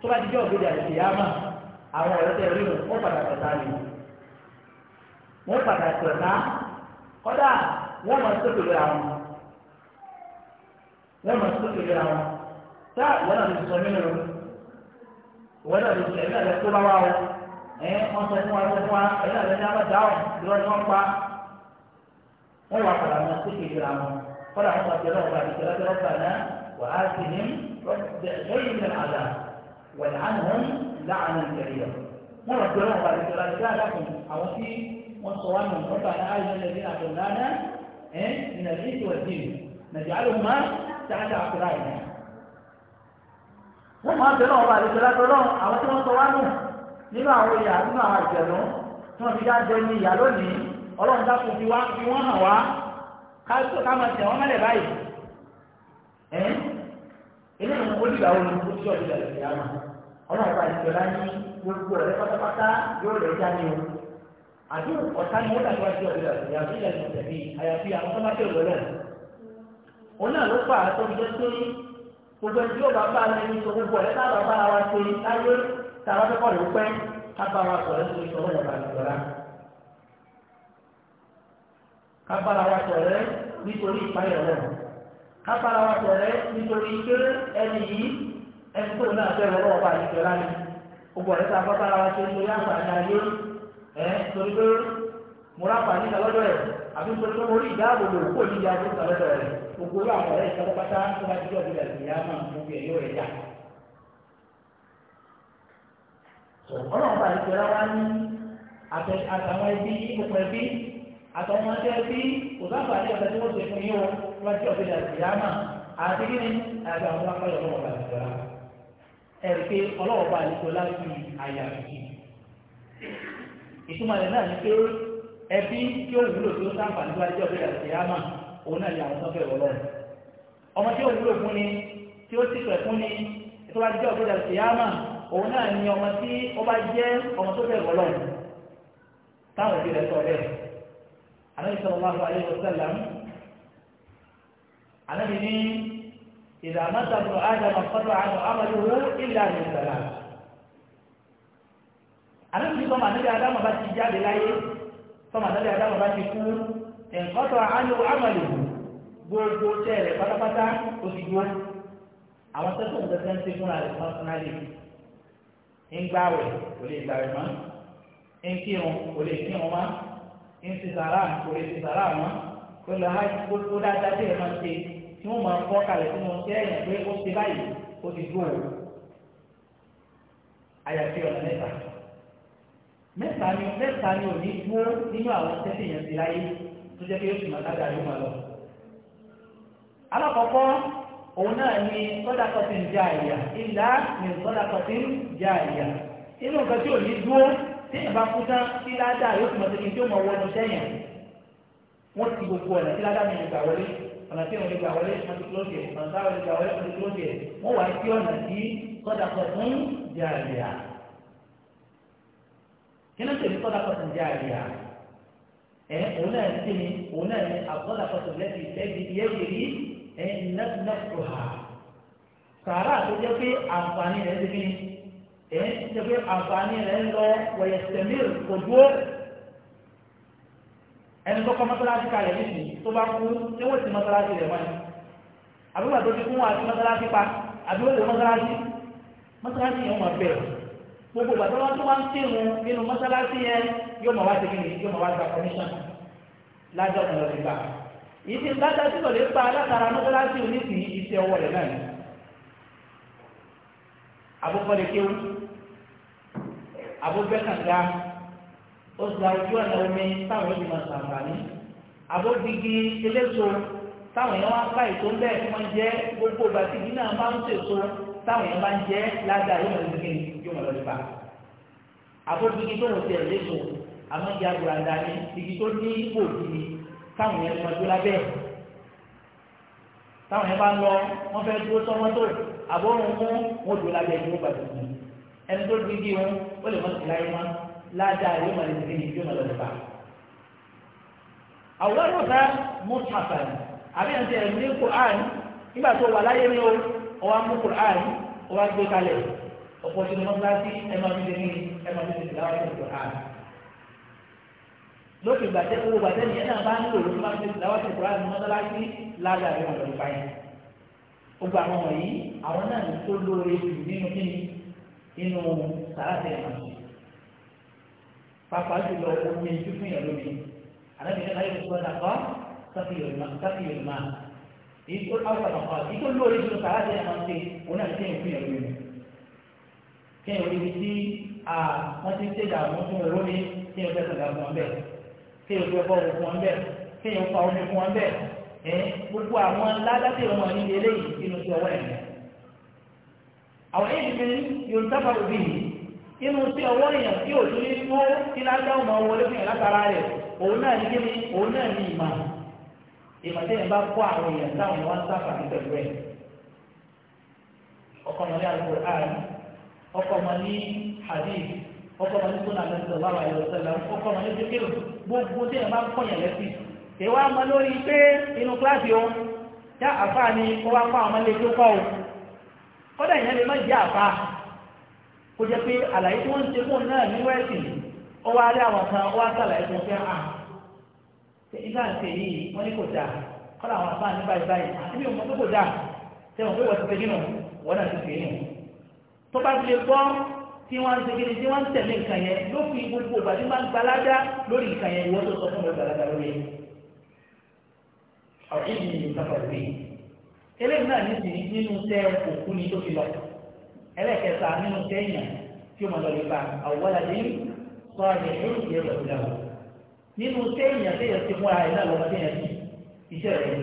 tó bá ti jẹ́ òbí dàbí yàmà àwọn ọ̀rẹ́ tẹ̀ rí wọn padà tọ̀tà ni wọn padà tọ̀tà kọ́dà wọ́n máa sókè lé àwọn wọ́n máa sókè lé àwọn tá wọ́n náà lè sọ nínú wọ́n náà lè sọ ẹ wọ́n sọ fún wa sọ fún wa ẹ̀yìn àti ẹ̀yìn àmọ́ dáhùn ìrọ̀ ni wọ́n pa wọ́n wà padà mọ́ síkè ìlà wọn kọ́lá wọn sọ fẹ́rẹ́ ọba àti fẹ́rẹ́ fẹ́rẹ́ fẹ́rẹ́ náà wà á sì ní lẹ́yìn ní àdá wà ní àná wọn láàánú ìkẹrẹ wọn wà fẹ́rẹ́ ọba àti fẹ́rẹ́ fẹ́rẹ́ alákùn àwọn tí wọ́n sọ wọn nù ọba àti àyẹ̀lẹ̀ àdọ̀lánà ẹ̀ nínú ìdí wọ̀dìrì nàìjíríà tààtà àkùrà yìí. wọ́n máa bẹ̀rẹ̀ ọba àti fẹ́rẹ́ fẹ́rẹ́ àwọn tí wọ́n sọ wọn nù nínú àwọn ìyá nínú àwọn àjẹ̀nú tí wọ́n fi dájọ́ ní ìyá lónìí ọlọ́run dákú fi wá fi wọ́n hàn wá káàtó káàmọ̀ tẹ̀ wọ́n mẹ́lẹ̀ báyìí ẹ̀ ilé ìwọ̀n olùgbà wo ni ó ti ọ̀dọ̀ ìyá lẹ́yìn àmà ọlọ́run bá ìjọ lá ní gbogbo ọ̀rẹ́ pátápátá yóò lè já ní o àti ọ̀tá ni wọ́n dàgbà sí ọ̀dọ̀ ìyá sílẹ̀ ìṣẹ̀lẹ̀ bíi àyàfi àwọn tó bá tẹ̀ wọ́n lẹ̀ òun náà ló fà á tó ń jẹ́ pé gbogbo tààrà fẹ́ kọ́ni pẹ́ kábàárà sọ̀rọ̀ ẹ̀sìn ìṣọ̀rọ̀ ìyàbà ìjọra kábàárà wa sọ̀rọ̀ nítorí ìpáyọ̀ rẹ̀ kábàárà wa sọ̀rọ̀ nítorí pé ẹni yìí ẹni tó náà fẹ́ lọ́wọ́ ọba ìjọra ni gbogbo ọ̀rẹ́ tá a bá bára wa ṣe nítorí àǹfààní ayé ẹ̀ torí pé mo ráfà níta lọ́dọ̀ ẹ̀ àbí mo tó orí ìdáàbòbò kò ní ìyá tó ta lọ́dọ̀ rẹ̀ gbogbo àwọn ọ̀rẹ́ ìṣàkópátá tó bá ti jọ́ ìgbìyànjú ìyá náà mo fi ẹ̀yọ́ ọlọ́run bá ìṣẹ́ ra wá ní àtàwọn ẹbí ìpò ẹbí àtàwọn ọmọdé ẹbí kò sábà ní ọ̀sẹ̀ tí wọ́n ṣe fún yín o wọ́n ti ọ̀gbẹ́dà ìyáàmà àti kí ni àti àwọn akọ́yọ̀ ọlọ́run bá ìṣẹ́ ra ẹ̀rí pé ọlọ́run bá ìṣẹ́ ra fi àyà fi ìtumọ̀ rẹ̀ náà ni pé ẹbí tí ó wúlò tí ó sáǹfà nígbà tí ọ̀gbẹ́dà ìyáàmà òun náà ni àwọn tó fẹ́ ọlọ́run ọmọ tí ó wúlò fún ni tí ó sì fẹ́ fún ni tó bá òun náà ni ọmọ tí ó bá jẹ́ ọmọ tó bẹ̀rù ọlọ́run táwọn òbí rẹ̀ sọ bẹ́ẹ̀ anábì sallallahu alaihi wasallam anábì ní ìdààmú sàbùrù ádámù ọ̀pọ̀lọpọ̀ àwọn amadu ìlà ní ìsàlá anábì sọmọ anábì ádámù bá ti jáde láyé sọmọ anábì ádámù bá ti kú ẹ̀ńkọ́tọ̀ àánú amadu gbogbo tẹ̀rẹ̀ pátápátá òsì gbó àwọn ń ńgbàwẹ̀ kò lè gbàwẹ̀ mọ́ ńkírun kò lè kírun mọ́ ńsisàrà kò lè sisàrà mọ́ kò lè ha kó dáadáa tí ẹ̀ máa ń ṣe tí wọ́n máa ń kọ́ kalẹ̀ sínú ẹ̀yìn pé ó ṣe báyìí ó ti dúró àyàfi ọ̀nà mẹ́ta mẹ́ta ni mẹ́ta ni ò ní dúró nínú àwọn tẹ́sí yẹn ti láyé tó jẹ́ pé ó sì máa dáadáa yóò máa lọ. alákọ̀ọ́kọ́ òun náà ni sọ́dàkọ̀tì ń já ìyà ìlà ní sọ́dàkọ̀tì ń já ìyà inú nǹkan tí ò ní dúró tí ìbá kú tán tí ládà yóò tún ọtí tí ó mọ wọnú sẹ́yìn wọ́n ti gbogbo ọ̀nà tí ládà mi lè gbà wọlé ọ̀nà tí òun lè gbà wọlé wọ́n ti kúlóòtì ẹ̀ ọ̀nà táwọn lè gbà wọlé wọ́n ti kúlóòtì wọ́n wá sí ọ̀nà tí sọ́dàkọ̀tì ń kí ló ń tẹ̀lé ní òun náà ní nẹ́tùnẹ́tùhà sàárà tó jẹ́ pé àǹfààní rẹ̀ ti fi ẹ̀ ń jẹ́ pé àǹfààní rẹ̀ ń lọ wọ̀yẹ̀ sẹ̀míl kò dúró ẹni tó kọ́ mọ́sálásí kalẹ̀ nìyí tó bá kú tí wọ́n ti mọ́sálásí rẹ̀ wọ́n àbí wà tó ti kún wọn àti mọ́sálásí pa àbí wọ́n lè mọ́sálásí mọ́sálásí yẹn wọ́n bẹ̀rẹ̀ gbogbo gbàtọ́ wọn tó wá ń kírun nínú mọ́sálásí yẹn yóò mọ̀ wá ti kí ni yóò mọ̀ wá gba commission lájọ́ ọ̀nà lọ́dún gbà ìṣe dáadáa tí kò lè pa látara mọ́sálásí oníṣìí iṣẹ́ ọwọ́ rẹ̀ náà ni abúkọ́lé kéwú abúgbẹ́ kànga ó sì ojú ọ̀nà omi táwọn èèyàn máa sàǹfààní abódigi eléso táwọn èèyàn wá ká èso ń bẹ́ẹ̀ tí wọ́n jẹ́ gbogbo bàtìgì náà máa ń ṣèso táwọn èèyàn máa ń jẹ́ ládàá yóò máa ń gbé yóò máa lọ sí pa abódigi tó wọ́n ti ẹ̀ léso àmọ́ ìyá àgbòràdá ni igi tó ní ipò òdì táwọn yẹn máa dúró lábẹ́ ẹ̀ táwọn yẹn bá ń lọ wọ́n fẹ́ dúró sọ́mọ́tò àbọ̀rùn mú wọn dúró lábẹ́ ẹni wọ́n gbàdúrà ẹni tó dúró díẹ̀ wọn ó lè mọ̀tò láyé wọn ládàá yóò máa lè tẹ̀lé ní yóò máa lọ lọ́ba. àwòrán yóò fẹ́ mú tàfàn àbí àti ẹ̀rù ní Qur'an nígbà tó wà láyé mi o ọwọ́ mú Qur'an ọwọ́ gbé kalẹ̀ ọ̀pọ̀ sinimá lókè gbàtẹ́ owó gbàtẹ́ nìyẹn náà bá nílò lórí máa ń tẹ̀sí láwọ́ tẹ̀sí láti mọ́ lọ́láṣí lága rẹ̀ wọ̀n lọ́dún báyìí. gbogbo àwọn wọ̀nyí àwọn náà ní tó lóore jù nínú kíni nínú sàrátẹ̀ ìmọ̀tò. pàápàá jùlọ omi ojú fún yẹn lómi àlẹ́bí náà yóò sọ nàkọ́ sáfì yorùbá ìkó àwọn àkọ́ ìkó lóore jù sàrátẹ̀ ìmọ̀tò òun náà kéèyàn fún yẹn lómi. kéèyàn kéèyàn fi ẹ̀fọ́ òkun wọn bẹ́ẹ̀ kéèyàn fa omi fún wọn bẹ́ẹ̀ gbogbo àwọn inú ti ọwọ́ àwọn fi yóò sábà yìí inú ọwọ́ èèyàn tí tún tó kí ọmọ wọlé fún yàn látara rẹ̀ òun náà ní kíni òun náà ní ìmọ̀ ìmọ̀ tẹ́yìn bá kó àwọn èèyàn táwọn wọn sábà ní pẹ̀lú ẹ̀ ọkọ̀ ní ní hadith gbogbo tí ẹ̀ máa ń kọ̀yàn lẹ́sìn kì í wá mọ lórí pé inú kíláàsì o já àfáà ni kó wá pa àwọn ilé kọ́ o kọ́dà ìyẹn lè má jẹ́ àfáà kó jẹ́ pé àlàyé tí wọ́n ń ṣe fún náà ní wẹ́ẹ̀sì ó wá rí àwọn kan ó wá sàlàyé tó fẹ́ hàn nígbà ah, tí èyí wọ́n ní kò dáa kọ́dà àwọn àfáà ní báyìí báyìí àti bí òun tó kò dáa tẹ̀wọ̀n pé wọ́n ti fẹ́ nínú wọ́n náà ti fẹ́ tí wọ́n ń segin tí wọ́n ń tẹ̀lé nǹkan yẹn ló fi gbogbo ìbàdí máa ń gbalada lórí nǹkan yẹn ìwọ́n tó sọ fún mi gbalada lórí yẹn. àwọn ìdí ni ìjọba ìwé eléyìí náà ní sìn nínú tẹ òkú ni tó fi lọ ẹlẹ́kẹta nínú tẹ èèyàn tí wọ́n lọ lè ba àwòwálàdé sọ àyẹ̀ lórí ìyẹn lọ́dún náà nínú tẹ èèyàn tẹ̀yẹ̀ ti mú ara ẹ̀ náà lọ́wọ́ tẹ̀yẹ̀ ti iṣẹ́ rẹ̀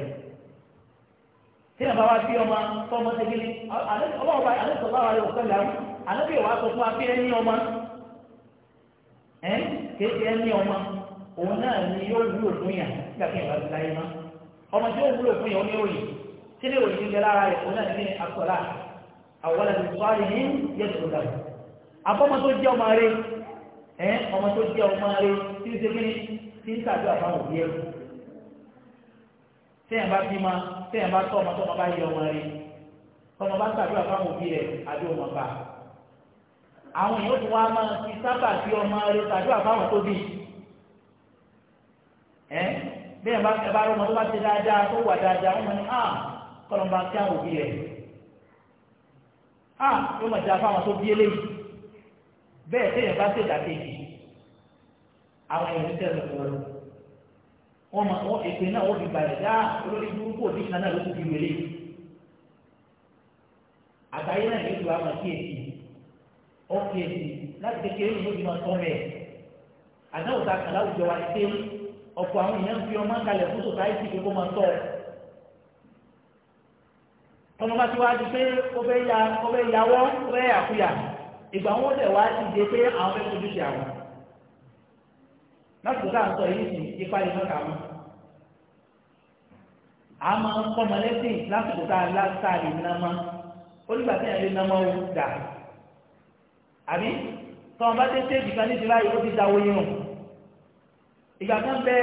tí a bá wá bí ọmọ tọmọ tẹgílì ọlọ́wọ́ bá alẹ́ sọ̀rọ̀ àwọn ọ̀sẹ̀ làwọn anábì wàá sọ fún apẹ́ ẹni ọmọ ẹ kéde ẹni ọmọ òun náà ni yóò wúlò fún yà nígbà tí ìwà ti láyé má ọmọ tí yóò wúlò fún yà ó ní òyìn tí ní òyìn ń bẹ lára rẹ òun náà ní àkọlá àwọn ọ̀làdì sọ́ọ̀rì ní yẹtù ọ̀dà àbọ̀mọ tó jẹ́ ọmọ rẹ ẹ ọmọ tó jẹ́ ọmọ rẹ tí ń ṣe kí ni tí ń tàbí àbáwọ̀ bí ẹ téèyàn bá tọ́ ọmọ tó ọmọ bá yẹ ọmọ rẹ tọmọ bá ṣàdúrà fáwọn òbí rẹ àbí ọmọ bá àwọn èèyàn tó wá máa fi sábà bí ọmọ rẹ ṣàdúrà fáwọn tó bí ẹ bẹ́ẹ̀ bá ẹ bá rọ ọmọ tó bá ti dáadáa tó wà dáadáa wọn ni ah kọlọmọ bá kí àwọn òbí rẹ ah yóò máa dáa fáwọn tó bí eléyìí bẹ́ẹ̀ téèyàn bá ṣèdá kejì àwọn èèyàn tẹ̀lé wọn lọ wọ́n máa wọ́n èpè náà wọ́n fi balẹ̀ dá olórí burúkú òdì kan náà ló kú fi wéré àgbáyé náà yóò tó àwọn kíyèsí ọ̀kíyèsí láti kékeré ní ìlú máa tọ́ mẹ́ẹ̀ àdáwò ta kàlá òjò wa ṣe ọ̀pọ̀ àwọn èèyàn fi ọmọ kalẹ̀ fún sòtáìtì pé kó máa tọ́ ọ tọmọ bá ti wá di pé ó fẹ́ yà ó fẹ́ yàwọ́ ó fẹ́ yàkúyà ìgbà wọn dẹ̀ wá ti dé pé àwọn fẹ́ tójú ṣe àwọn lásìkò tá à ń sọ yìí sìn ipá yìí mọ́ta mọ́ a máa ń kọ́ mọ́lẹ́sìn lásìkò tá a lásà lè ná mọ́ olùgbà tí yẹn lè ná mọ́ o dà àbí tọ́ ọ bá dé stéèjì kan níbi báyìí ó ti da oyin o ìgbà kan bẹ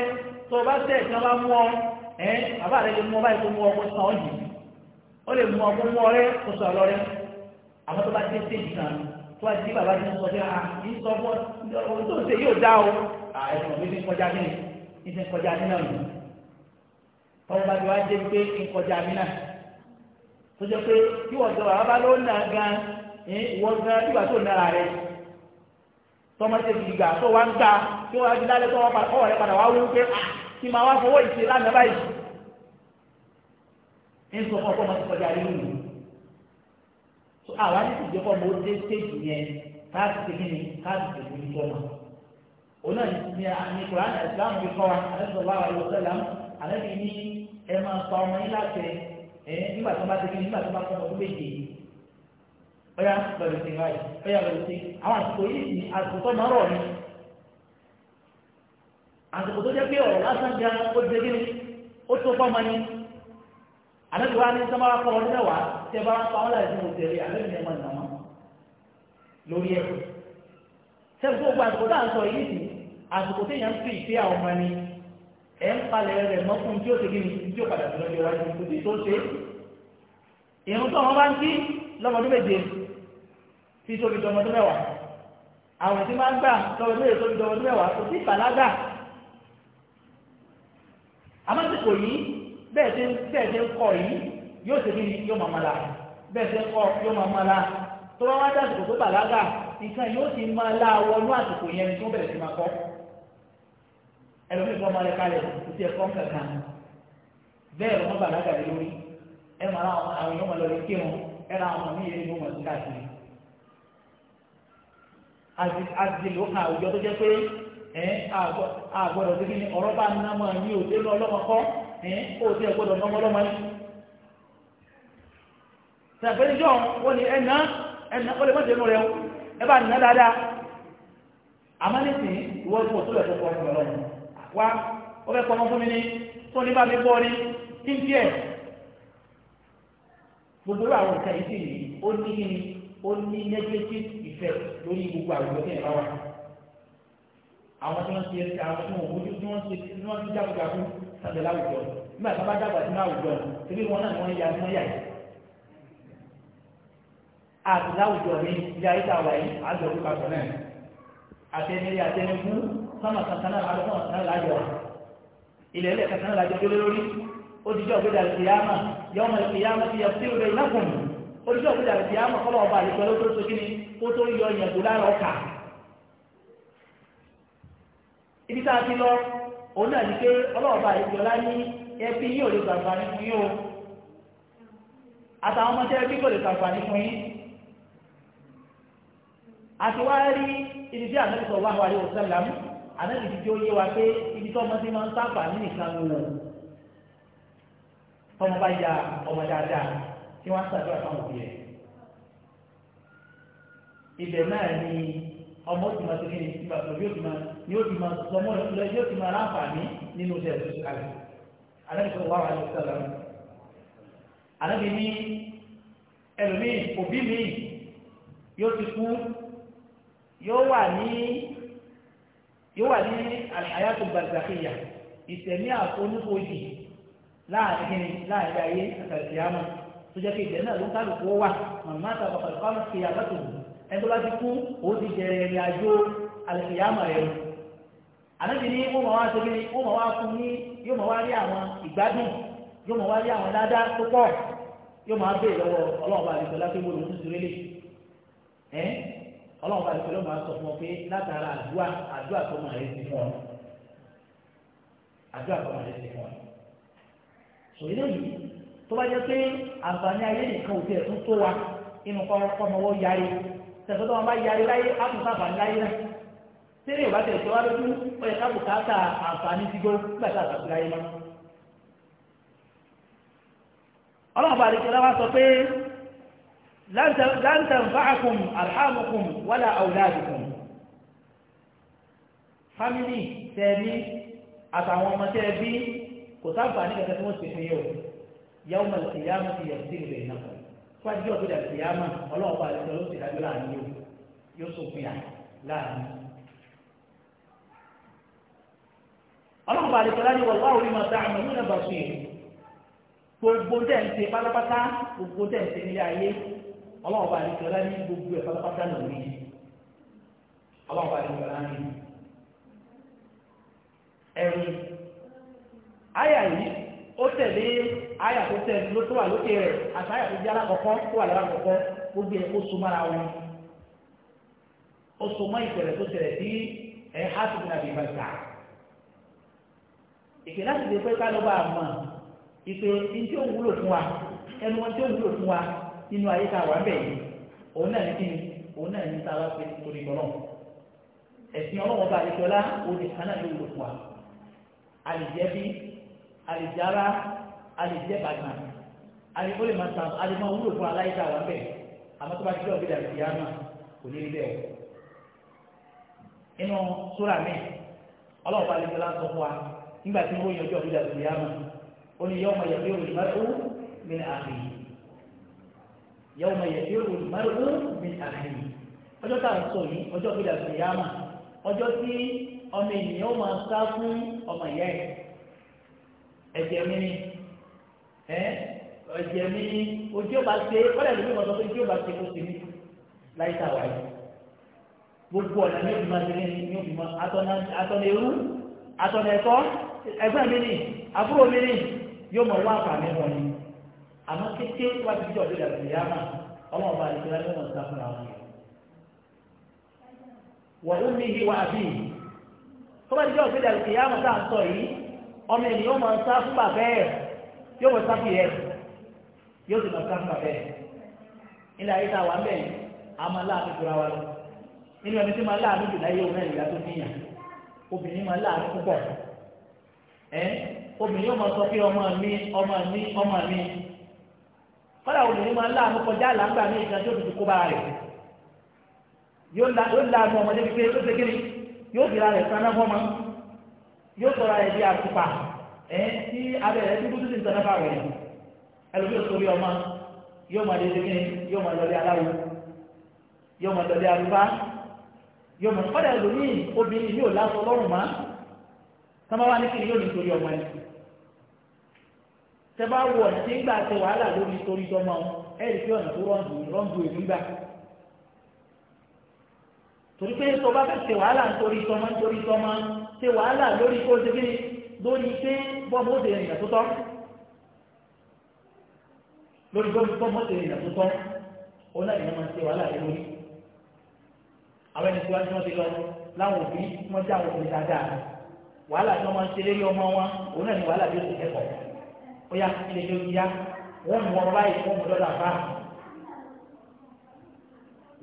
tó o bá tẹ̀ tí bá mú ọ ẹ bàbá rẹ lè mú ọ báyìí tó mú ọ kó sàn ọ́ jù ó lè mú ọ kó mú ọ rẹ kó sàn ọ lọ rẹ àwọn tó bá dé stéèjì kan tó àti bàbá ti sọ pé à ah, ń sọ fún ọ tó ṣe yóò dá o àìsàn ah, mi ti kọjá mí ní ti kọjá mí náà nù tọ́wọ́ bá ti wá dé pé ń kọjá mí náà tó jẹ́ pé kí wọ́n sọ bàbá ló nà gan ìwọ gan nígbà tó nára rẹ tọ́mọ ṣe fi gbà tó wá ń gbà tó wá di lálẹ́ tọ́wọ́ ọ̀rọ̀ padà wá wú pé à ah, kí máa wá fowó ìṣe lánàá báyìí ń sọ fún ọkọ̀ ọmọ ti kọjá rí nù àwa ní ìjọba ọmọ ó dé stéèjì yẹn káàdì tó kíni káàdì tó kíni tó ma òun náà ní ní islam bí kọ́ wa alẹ́sọ̀lá wa yóò sẹ́lá alẹ́bí ní ẹ máa pa ọmọ yín láti ẹ nígbà tó bá ti kíni nígbà tó bá fọmọ tó méje ọyá bẹ̀rẹ̀ sí báyìí ọyá bẹ̀rẹ̀ sí àwọn àsìkò yìí ní àsìkò máa rọ̀ ni àsìkò tó jẹ́ pé ọ̀rọ̀ lásán gan ó ti kíni ó àlejò wa ní sọ́mọ́ wa kọ́wọ́ nílẹ̀ wa tẹ́ bá pa ọ́ láì fún òtẹ̀lẹ̀ àlejò yẹn máa nà wọ́n lórí ẹ̀ sẹ́fù tó gba àsìkò tá à ń sọ yìí sí fi ìfẹ́ àwọn ni ẹ̀ ń palẹ̀ rẹ̀ mọ́ fún tí ó ti gbìn tí ó padà sí lọ́jọ́ iwájú kò sí tó ṣe ìrún tó wọn bá ń kí lọ́mọdún méje tí tóbi dọmọdún mẹ́wàá àwọn tí máa ń gbà lọ́mọdún méje tóbi dọmọdún mẹ́wàá kò sí ìpàlágà àmọ́ àsìkò yìí bẹ́ẹ̀ ṣe ń kọ yìí yóò ṣe bí yóò máa mọ́lá bẹ́ẹ̀ ṣe ń kọ yóò máa mọ́lá tó bá wá dásìkò tó bàlágà nǹkan yóò ti máa lá wọnú àsìkò yẹn tó bẹ̀rẹ̀ sí máa kọ́ ẹlòmíì fọ́ ọmọlẹ́ kalẹ̀ kò sí ẹ̀kọ́ kankan bẹ́ẹ̀ ọmọ bàlágà rẹ lórí ẹ máa àwọn àwọn èèyàn máa lọ rí kírun ẹ ra àwọn míì yẹn ní wọn sí káàkiri àdìlò kan àwùjọ tó jẹ́ pé ẹ àgbọ̀dọ̀ tó kí ni ọ̀rọ̀ bá ń ná mọ́ ní òtẹ́lú ọlọ́mọkọ́ ẹ̀ ó ti ẹ̀gbọ́dọ̀ ọmọlọ́mọ yìí tẹ̀fẹ́jọ́ wọ́n ni ẹ̀nà ẹ̀nà ó lè mọ́ tẹ̀lú rẹ̀ ẹ bá nìyà dáadáa àmọ́ nísìn ìwọ́n tó tó lẹ̀kọ́ fún ọmọ lọ́wọ́ wá ó fẹ́ pọnmọ́ fún mi ní tó ní bá mi bọ́ ní kí n tiẹ̀ gbogbo àwọn nǹkan yìí sì yìí ó ní kí ni ó ní negative effect lórí gbogbo àwùjọ tí ẹ̀ bá wà àwọn tí wọ́n ti àwọn tí wọ́n ti jágbe nígbà tí wọ́n bá dàgbà sínú àwùjọ ìbí wọn náà ni wọ́n ya wọ́n yà yìí. àti láwùjọ mi ilé ayé tàwa yìí àjọ òkú papọ̀ náà àtẹnilé àtẹnifú sọ́mà kankan náà àjọ sọ́mà kankan lájọ ilẹ̀ ilẹ̀ kankan lájọ délé lórí odidi ọ̀gbẹ́dà ìyáàmà yọmọ ìyáàmà ti yẹ sí ìrẹ̀ ìnákùn odidi ọ̀gbẹ́dà ìyáàmà kọ́lọ̀ ọba àlejò ọlọ́tọ́ tó kíni kó tó yọ ìyàgbó lára ọkà ibi tá a ti lọ òun náà ní pé ọlọ́ọ̀ba àlejò ọlá ní ẹbí yóò lè gbàgbà ní fún yóò àtàwọn ọmọdé ẹbí kò lè gbàgbà ní fún yín àti wá rí ibi tí ànábì sọ wáhùn àríwò sẹlẹm ànábì ti di ó yé wa pé ibi tí ọmọdé máa ń sáfà ní nìkan wò tọmọ bá ya ọmọ dáadáa tí wọn ń sàdúrà fáwọn òbí rẹ ibẹ̀ náà ni ọmọ tí ma tó kéde ìgbà tó yóò ti ma yóò ti ma sọmọ yóò ti ma láǹfààní nínú ìṣẹ̀lẹ̀ tó ṣe kalẹ̀. Ànábì sallallahu alaihi wasallam Ànábì ní ẹlòmíì òbí mi yóò ti kú yóò wà ní yóò wà ní àyàtò gbàgbàkéyà ìtẹ̀mí àfonúfojì láàrin kìnnì láàrin ayé àtàlẹ́sìámà tó jẹ́ pé ìjẹ́ náà ló ń kálukú wà màmá àtàwọn pàtàkì fi àbátò ẹni tó bá ti kú ó ti jẹ ẹ̀rìn àjò àlẹ́sìámà rẹ̀ ànábì ní ó máa wá ṣe kí ó máa wá fún ní yóò máa wá rí àwọn ìgbádùn yóò máa wá rí àwọn dáadáa tó pọ̀ yóò máa bèèrè lọ́wọ́ ọlọ́ọ̀bà àdìsọ láti wọlé oṣù tó lélẹ̀ ẹ́ ọlọ́ọ̀bà àdìsọ ló máa sọ fún ọ pé látara àdúrà àdúrà tó máa rẹ sí fún ọ àdúrà tó máa rẹ sí fún ọ. sọ eléyìí tó bá jẹ́ pé àǹfààní ayé nìkan ò tiẹ̀ tún tó wa inú kọ́ ọmọ wọ́n yarí tẹ̀sán tó wọn bá yarí láyé á tún sábà ní náà tẹ́lẹ̀ ìbá tẹ̀ ṣe wá lójú ó yẹ ká bùkátà àǹfààní sígbó nígbà tá a sàkúrò ayé mọ́. ọlọ́run bá àdìsẹ́ láwá sọ pé láǹtà ń fáàkùn àrhámùkùn wálà àwùládùkùn fámìlì tẹ̀lé àtàwọn ọmọ tẹ́ bí kò sáǹfààní kẹ̀kẹ́ tí wọ́n ti fi yẹ o yàwó mọ̀ sí yàmù ti yẹ̀ sí ìbẹ̀ náà fájú àdìsẹ́ ló ọlọ́run bá àdìsọ́lá ní wọ́n wáwò ní ụlọ àmọ́ gbogbo ń ṣe pátápátá gbogbo ń ṣe nílé ayé ọlọ́run bá àdìsọ́lá ní gbogbo ẹ̀ pátápátá ọlọ́run bá àdìsọ́lá ní ẹ̀rù yìí ó tẹ̀lé tó ló tó wà lókè rẹ̀ àti tó alákọ̀ọ́kọ́ tó wà lára kọ̀ọ̀kọ́ so mára wọn ó so mọ́ tó sí ẹ̀ èké láti lè pé ká ló bá mọ̀ ìpè ní tí ó wúlò fún wa ẹnu wọn tí ó wúlò fún wa nínú ayé ká wà bẹ́ẹ̀ òun náà ní kí ni òun náà ní sábà pé torí ọlọ́run ẹ̀sìn ọlọ́run bá ìṣọlá òní kan náà ló wúlò fún wa àlìjẹ́bí àlìjára àlìjẹ́bàgbà àlìkólè máa tàn àlìmọ́ wúlò fún aláyé ká wà bẹ́ẹ̀ àmọ́ tó bá ti dọ̀ọ́ dàbí ìyá náà nígbà tí wọ́n yọjọ́ ìdá tó yá mọ́ ó ní yọ́mọ yẹ̀fẹ́ olùmọ́rú mi àmì yọ́mọ yẹ̀fẹ́ olùmọ́rú mi àmì ọjọ́ táwọn sọ yìí ọjọ́ ìdá tó yá mọ́ ọjọ́ tí ọmọ ènìyàn máa sá fún ọmọ ìyá ẹ̀ ẹ̀jẹ̀ mi ni ẹ̀jẹ̀ mi ni ojú ọba ṣe ọ̀rẹ́ ìlú ìmọ̀ sọ pé ojú ọba ṣe kó sí mi láì sáwà yìí gbogbo ọ̀nà ní òbí máa ṣe ní òbí máa atọ́nà ẹrú atọ́nà ẹ̀kọ́ ẹgbẹ́ mi ni àbúrò mi ni yóò mọ̀ wá àǹfààní wọn ni àmọ́ kékeré tó ti jọ ọdún ìdàgbàsókè yá mà ọlọ́run bá ìṣẹ́lá ní wọn sáfún àwọn yẹn. wọ́n ó mi yíwa bí tó ti jọ ọdún yá mà ń sọ yìí ọmọ ènìyàn fún bàbá ẹ̀ yóò yóò sì fún bàbá ẹ̀ ilé ayé wà ń bẹ̀ àmọ́ wa lọ ẹni tí ẹ obìnrin ọmọ sọ pé ọmọ mi ọmọ mi ọmọ mi kọ́lá obìnrin máa ń láàánú kọjá àlàǹgbà ní ìgbà tí ó dùdú kó bá rẹ̀ yóò láàánú ọmọdé pípé tó ṣe kiri yóò fi ra rẹ̀ sanná fọ́mọ yóò sọ̀rọ̀ rẹ̀ bí àtùpà ẹ tí abẹ́ rẹ̀ dúdú tó ti ń sanná fà rẹ̀ ẹlòmíì sórí ọmọ yóò máa lè ṣe kiri yóò máa lọlé aláwo yóò máa lọlé arúgbá yóò máa kọ́lá ẹlòmíì obìnrin yóò lásọ lọ́rùn máa tọ́mọ wa ní kiri yóò ní torí ọmọ yẹn tẹ́bá wọ ọ̀nà tí ń gbà ṣe wàhálà lórí torí tọmọ ẹ̀rì kí ọ̀nà tó rọ́ǹdù rọ́ǹdù èmi gbà torí pé tó bá fẹ́ ṣe wàhálà nítorí tọmọ nítorí tọmọ ṣe wàhálà lórí kó ṣe kíni lórí pé bọ́ọ̀mù ó ṣe ìrìnà tó tọ́ lórí bọ́ọ̀mù ó ṣe ìrìnà tó tọ́ ó náà ìyẹn máa ṣe wàhálà rẹ lórí àwọn ẹni tí wọ́n ti lọ láwọn òbí wọ́n já àwọn òbí dáadáa wàhálà tí wọ́n máa ń ṣe lérí ọmọ wọn òun náà ni wàhálà bí ó ti kẹ́kọ̀ọ́ ó yá ilé tó yá wọ́n mú ọmọ báyìí wọ́n mú dọ́dọ̀ àbá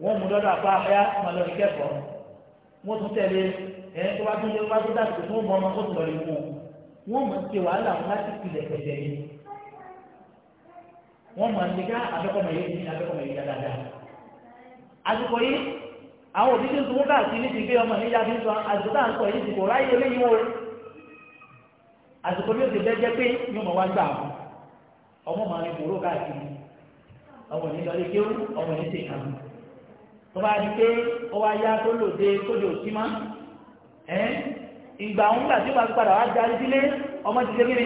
wọ́n mú dọ́dọ̀ àbá abẹ́yà máa lọ kẹ́kọ̀ọ́ wọ́n tún tẹ̀lé ẹ̀ tó bá tún lé wá tó dàgbò tó mọ ọmọ tó tún lọ lè mú wọ́n mọ̀ ṣe wàhálà wọn láti pilẹ̀ pẹ̀tẹ̀ yìí wọ́n mọ̀ ṣe ká abẹ́kọ̀mọ̀ yìí abẹ́kọ̀mọ̀ yìí dáadáa àsìkò yìí àwọn òbí tí ń sunwó káàkiri ní ti gbé ọmọ níjà fi ń sọ àsìkò tá à ń sọ yìí sìkò ráyè eléyìí wo àsìkò bí ó ti bẹ́jẹ́ pé ní ọmọ wa gbà wọn ọmọ màá ní kúrò káàkiri ọmọ ní lọlé kéwú ọmọ ní tèkà mú tó bá di pé ó wá yá tó lòdè tó lè òsì má ẹ ìgbà òun gbà tí ó bá padà wá darí sílé ọmọ ti ṣe kíni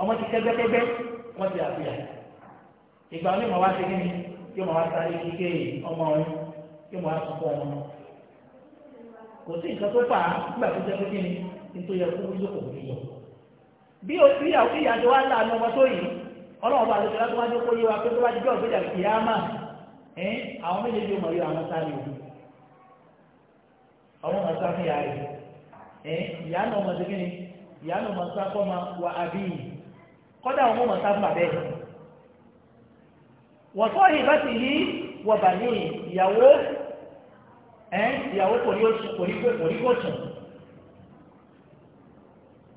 ọmọ ti kẹgbẹkẹgbẹ wọn ti àfihàn ìgbà òun yóò kí wọ́n á sọ fún ọmọ náà kò sí nǹkan tó fà á nígbà tó jẹ́ pé kí ni nítorí ẹ̀ kó wúlò kò wúlò bí o bí àwọn ìyàjọ wa là ní ọmọ tó yìí ọlọ́run bá lóṣèlú láti wájú kó yé wa pé tó bá ti jọ́ ìgbéjà kì í á mà ẹ́ àwọn méjèèjì mọ̀ yóò àwọn sáré òdu àwọn ọmọ sá fún ìyá rẹ̀ ẹ́ ìyá náà ọmọ tó kíni ìyá náà ọmọ sá fọ́mọ wa àbí yìí kọ́dà àwọn ọmọ sá fún abẹ́ wọ́n tọ́ ìbátì yìí wọ́n bà ní ìyàwó ẹ ìyàwó kò ní oṣù kò ní kò ní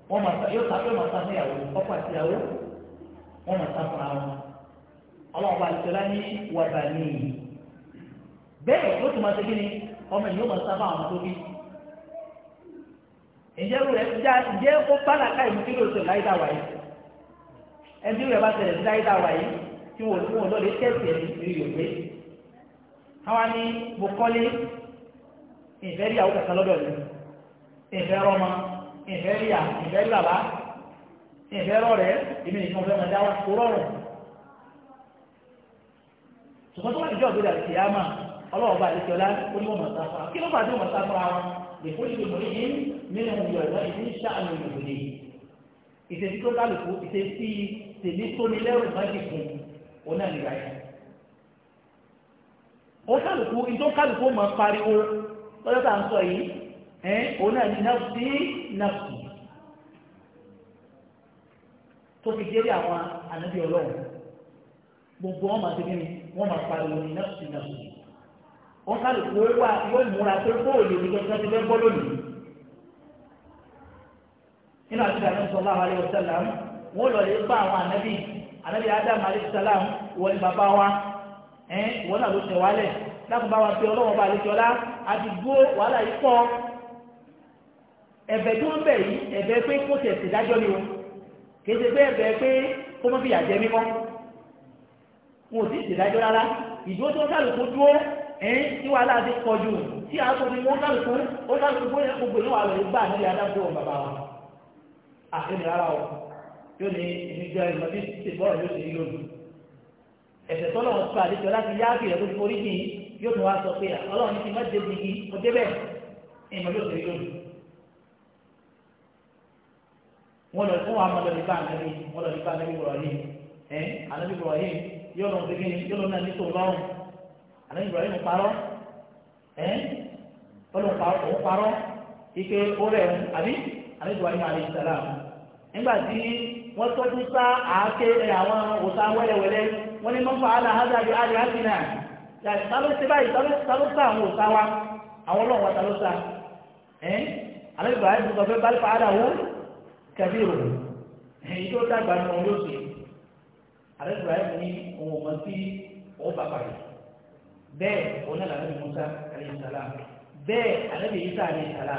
kò máa ta yóò ta máa ta fún ìyàwó àti ìyàwó máa ta fún ọlọ́run bá ní bẹ́ẹ̀ máa ṣe kí ni ọmọ àwọn tó bí ǹjẹ́ rẹ̀ já ǹjẹ́ ó ká ìmú kílò láyé dáwà yìí rẹ̀ bá láyé dáwà ìfẹ́rí àwọn kẹta lọ́dọ̀ ni ìfẹ́rọ ma ìfẹ́rí à ìfẹ́rí bàbá ìfẹ́rọ rẹ èmi nìkan fẹ́ máa dáwà kó rọrùn ṣùgbọ́n tó wà níjọ́ òbí rẹ̀ kìí àmà ọlọ́wọ́ bá àdékẹ́ ọlá ó ní wọ́n mọ̀ sáfà kí ló fà á tí wọ́n mọ̀ sáfà wọn lè kó ìlú mọ̀ yìí nínú ìyọ̀ ẹ̀rọ ìdí sàánù ìlú ni ìṣèjì tó kálukú ìṣèjì tèmi tó ní lẹ́rù má ti kùn òun náà nìgbà lọ́jọ́ tá à ń sọ yìí ẹ̀ òun náà ní nafsi nafsi tó fi jẹ́rí àwọn ànábì ọlọ́run gbogbo wọn máa ti mímu wọn máa pariwo ní nafsi nafsi wọn ká lè kó wá yóò múra pé bóòlù ní kankan ti fẹ́ bọ́ lónìí nínú àti àná sọlá àwàlẹ̀ ọ̀sálàm wọn lọ lè bá àwọn ànábì ànábì adam alẹ́sálàm wọlé bàbá wa ẹ̀ wọ́n náà ló tẹ̀ wálẹ̀ láti bá wa fi ọlọ́wọ́ bá àlejò àdìgbò wàhálà yìí pọ̀ ẹ̀bẹ̀ tó ń bẹ̀ yìí ẹ̀bẹ̀ pé kó tẹ̀ sí dájọ́ ni o kéde pé ẹ̀bẹ̀ pé kó mọ́ fìyà jẹ mímọ́ wọn ò sì sí dájọ́ rárá ìdúró tó ń kálukú dúró ẹ̀yìn tí wàhálà ti pọ̀ jù tí a sọ ni wọ́n kálukú ó kálukú bóyá gbogbo ìlú àwọn ìgbà nílẹ̀ adágbó wọn bàbá wa àfihàn rárá o yóò ní ìdíjọ ìmọ̀tí ti bọ́ọ̀ yóò sì rí lónìí ẹ̀sẹ̀ tọ́lọ̀ wọn sọ àdéjọ láti yá àfihàn tó ti forí kì í yóò tún wá sọ pé ọlọ́run ní ti má débi igi mo débẹ̀ ẹ̀ mọ̀ yóò tẹ̀ yóò lù. wọ́n lọ fún wa mọ̀ lọ́ọ́ nípa ànábì wọ́n lọ́ọ́ nípa ànábì wọ̀rọ̀ yìí ẹ̀ ànábì wọ̀rọ̀ yìí yóò lọ́ọ́ nípa kíni yóò lọ́ọ́ náà ní tòun lọ́rùn ànábì wọ̀rọ̀ yìí mo parọ́ ẹ̀ ọlọ́run parọ́ ike ó rẹ̀ ń àbí ànábì wọ̀rọ̀ yìí alayhi salam nígbà tí wọ́n tọ́jú sá àáké àwọn òsà wọ́n ní yàrá ìtàló ṣe báyìí ìtàló sá àwọn òòṣà wa àwọn ọlọ́run àtàló sá ẹ́n alẹ́ ìgbà yẹn gbọ́dọ̀ fẹ́ bá fàádà wó kẹfí rò èyí tó dàgbà ní wọn yóò ṣe alẹ́ ìgbà yẹn ní ohun ọmọ tí wọ́n bá pàdé bẹ́ẹ̀ òun náà làwọn ìmúta alẹ́ ìsàlá bẹ́ẹ̀ alẹ́ ìyíṣà alẹ́ ìsàlá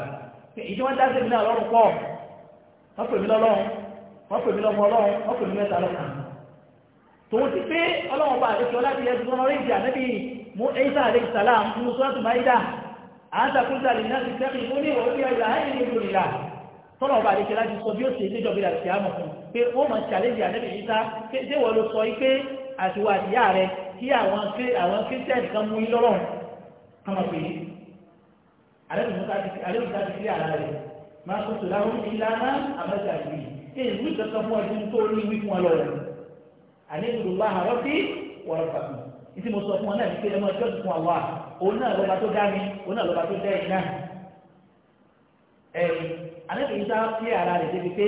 èyí tí wọ́n dá sí ìpínlẹ̀ ọlọ́run pọ̀ wọ́n pè mí lọ́lọ́run wọ́n pè mí lọ́mọ ọlọ́run wọ́n pè mí عيسى عليه السلام في سورة مائدة أنت قلت للناس اتقوني وأوحي إلى هذه من دون الله tọ́lọ̀ ọba àdékẹ́lá ti sọ bí ó ṣe níjọ́ bí àti àmọ̀ fún pé ó mọ̀ ṣàlẹ́jì àdébì ìta ṣé wọ́n ló sọ pé àtiwọ́ àdìyá rẹ kí àwọn àwọn kírísítẹ́nì kan mú yín lọ́rùn kọ́mọ pé àdébì ìta ti fi sí ìtí mo sọ fún wọn náà ní pé ẹ máa jọ́sìn fún àwa òun náà lọ́ba tó dá mi òun náà lọ́ba tó dá ẹ̀yin náà ẹ̀yìn anábìyí sá fi ara rẹ̀ débi pé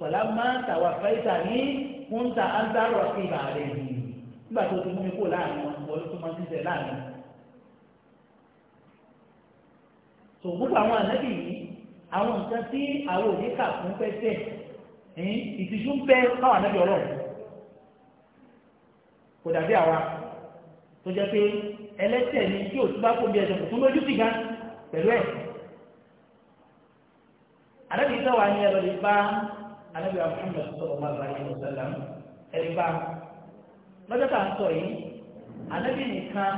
pẹ̀lá máa ń tàwa fẹ́ẹ́ta ní ń ta áńdárọ̀ sí ìbà rẹ̀ yìí nígbà tó ti mú mi kó láàrin wọn wọ́n tó máa ń ṣiṣẹ́ láàrin. tó gbogbo àwọn anábì àwọn nǹkan tí àwọn òní kà fún pẹ́sẹ̀ ìtìjú ń bẹ káwọn anábì ọlọ́run kò dàbí àwa tó jẹ́ pé ẹlẹ́ṣẹ̀ ni tí òtún bá kó bí ẹsẹ̀ kò tún lójú sí gan pẹ̀lú ẹ̀ àdàbí sọ̀wọ́ àyìn ẹ̀rọ lè bá àdàbí Muhammad sallallahu alaihi wasallam ẹ̀rí bá lọ́jọ́ tá à ń sọ yìí àdàbí nìkan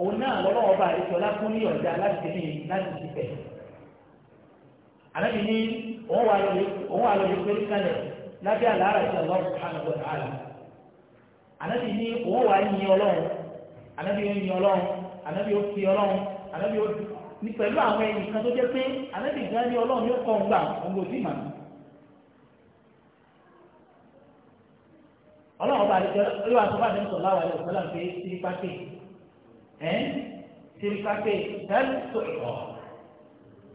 òun náà lọ́lọ́wọ́ bá àdìsọ́ lákún ní ọ̀dà láti ṣe ní láti ṣe bẹ̀. àdàbí ní òun wà lọ́lẹ̀ pé kálẹ̀ lábẹ́ àlàárà ìṣẹ̀lọ́rùn ànábì yóò yin ọlọ́run ànábì yóò fi ọlọ́run ànábì yóò ní pẹ̀lú àwọn ẹ̀yìn kan tó jẹ́ pé ànábì gan ni ọlọ́run yóò kọ́ ọ̀ngbà ọ̀ngbò tí màá. ọlọ́run bá àdìjọ ló wà tó bá àdìjọ sọ̀rọ̀ àwọn ẹ̀rọ sọ́lá pé sirikake ẹ̀ sirikake sẹ́lẹ̀ sọ̀rọ̀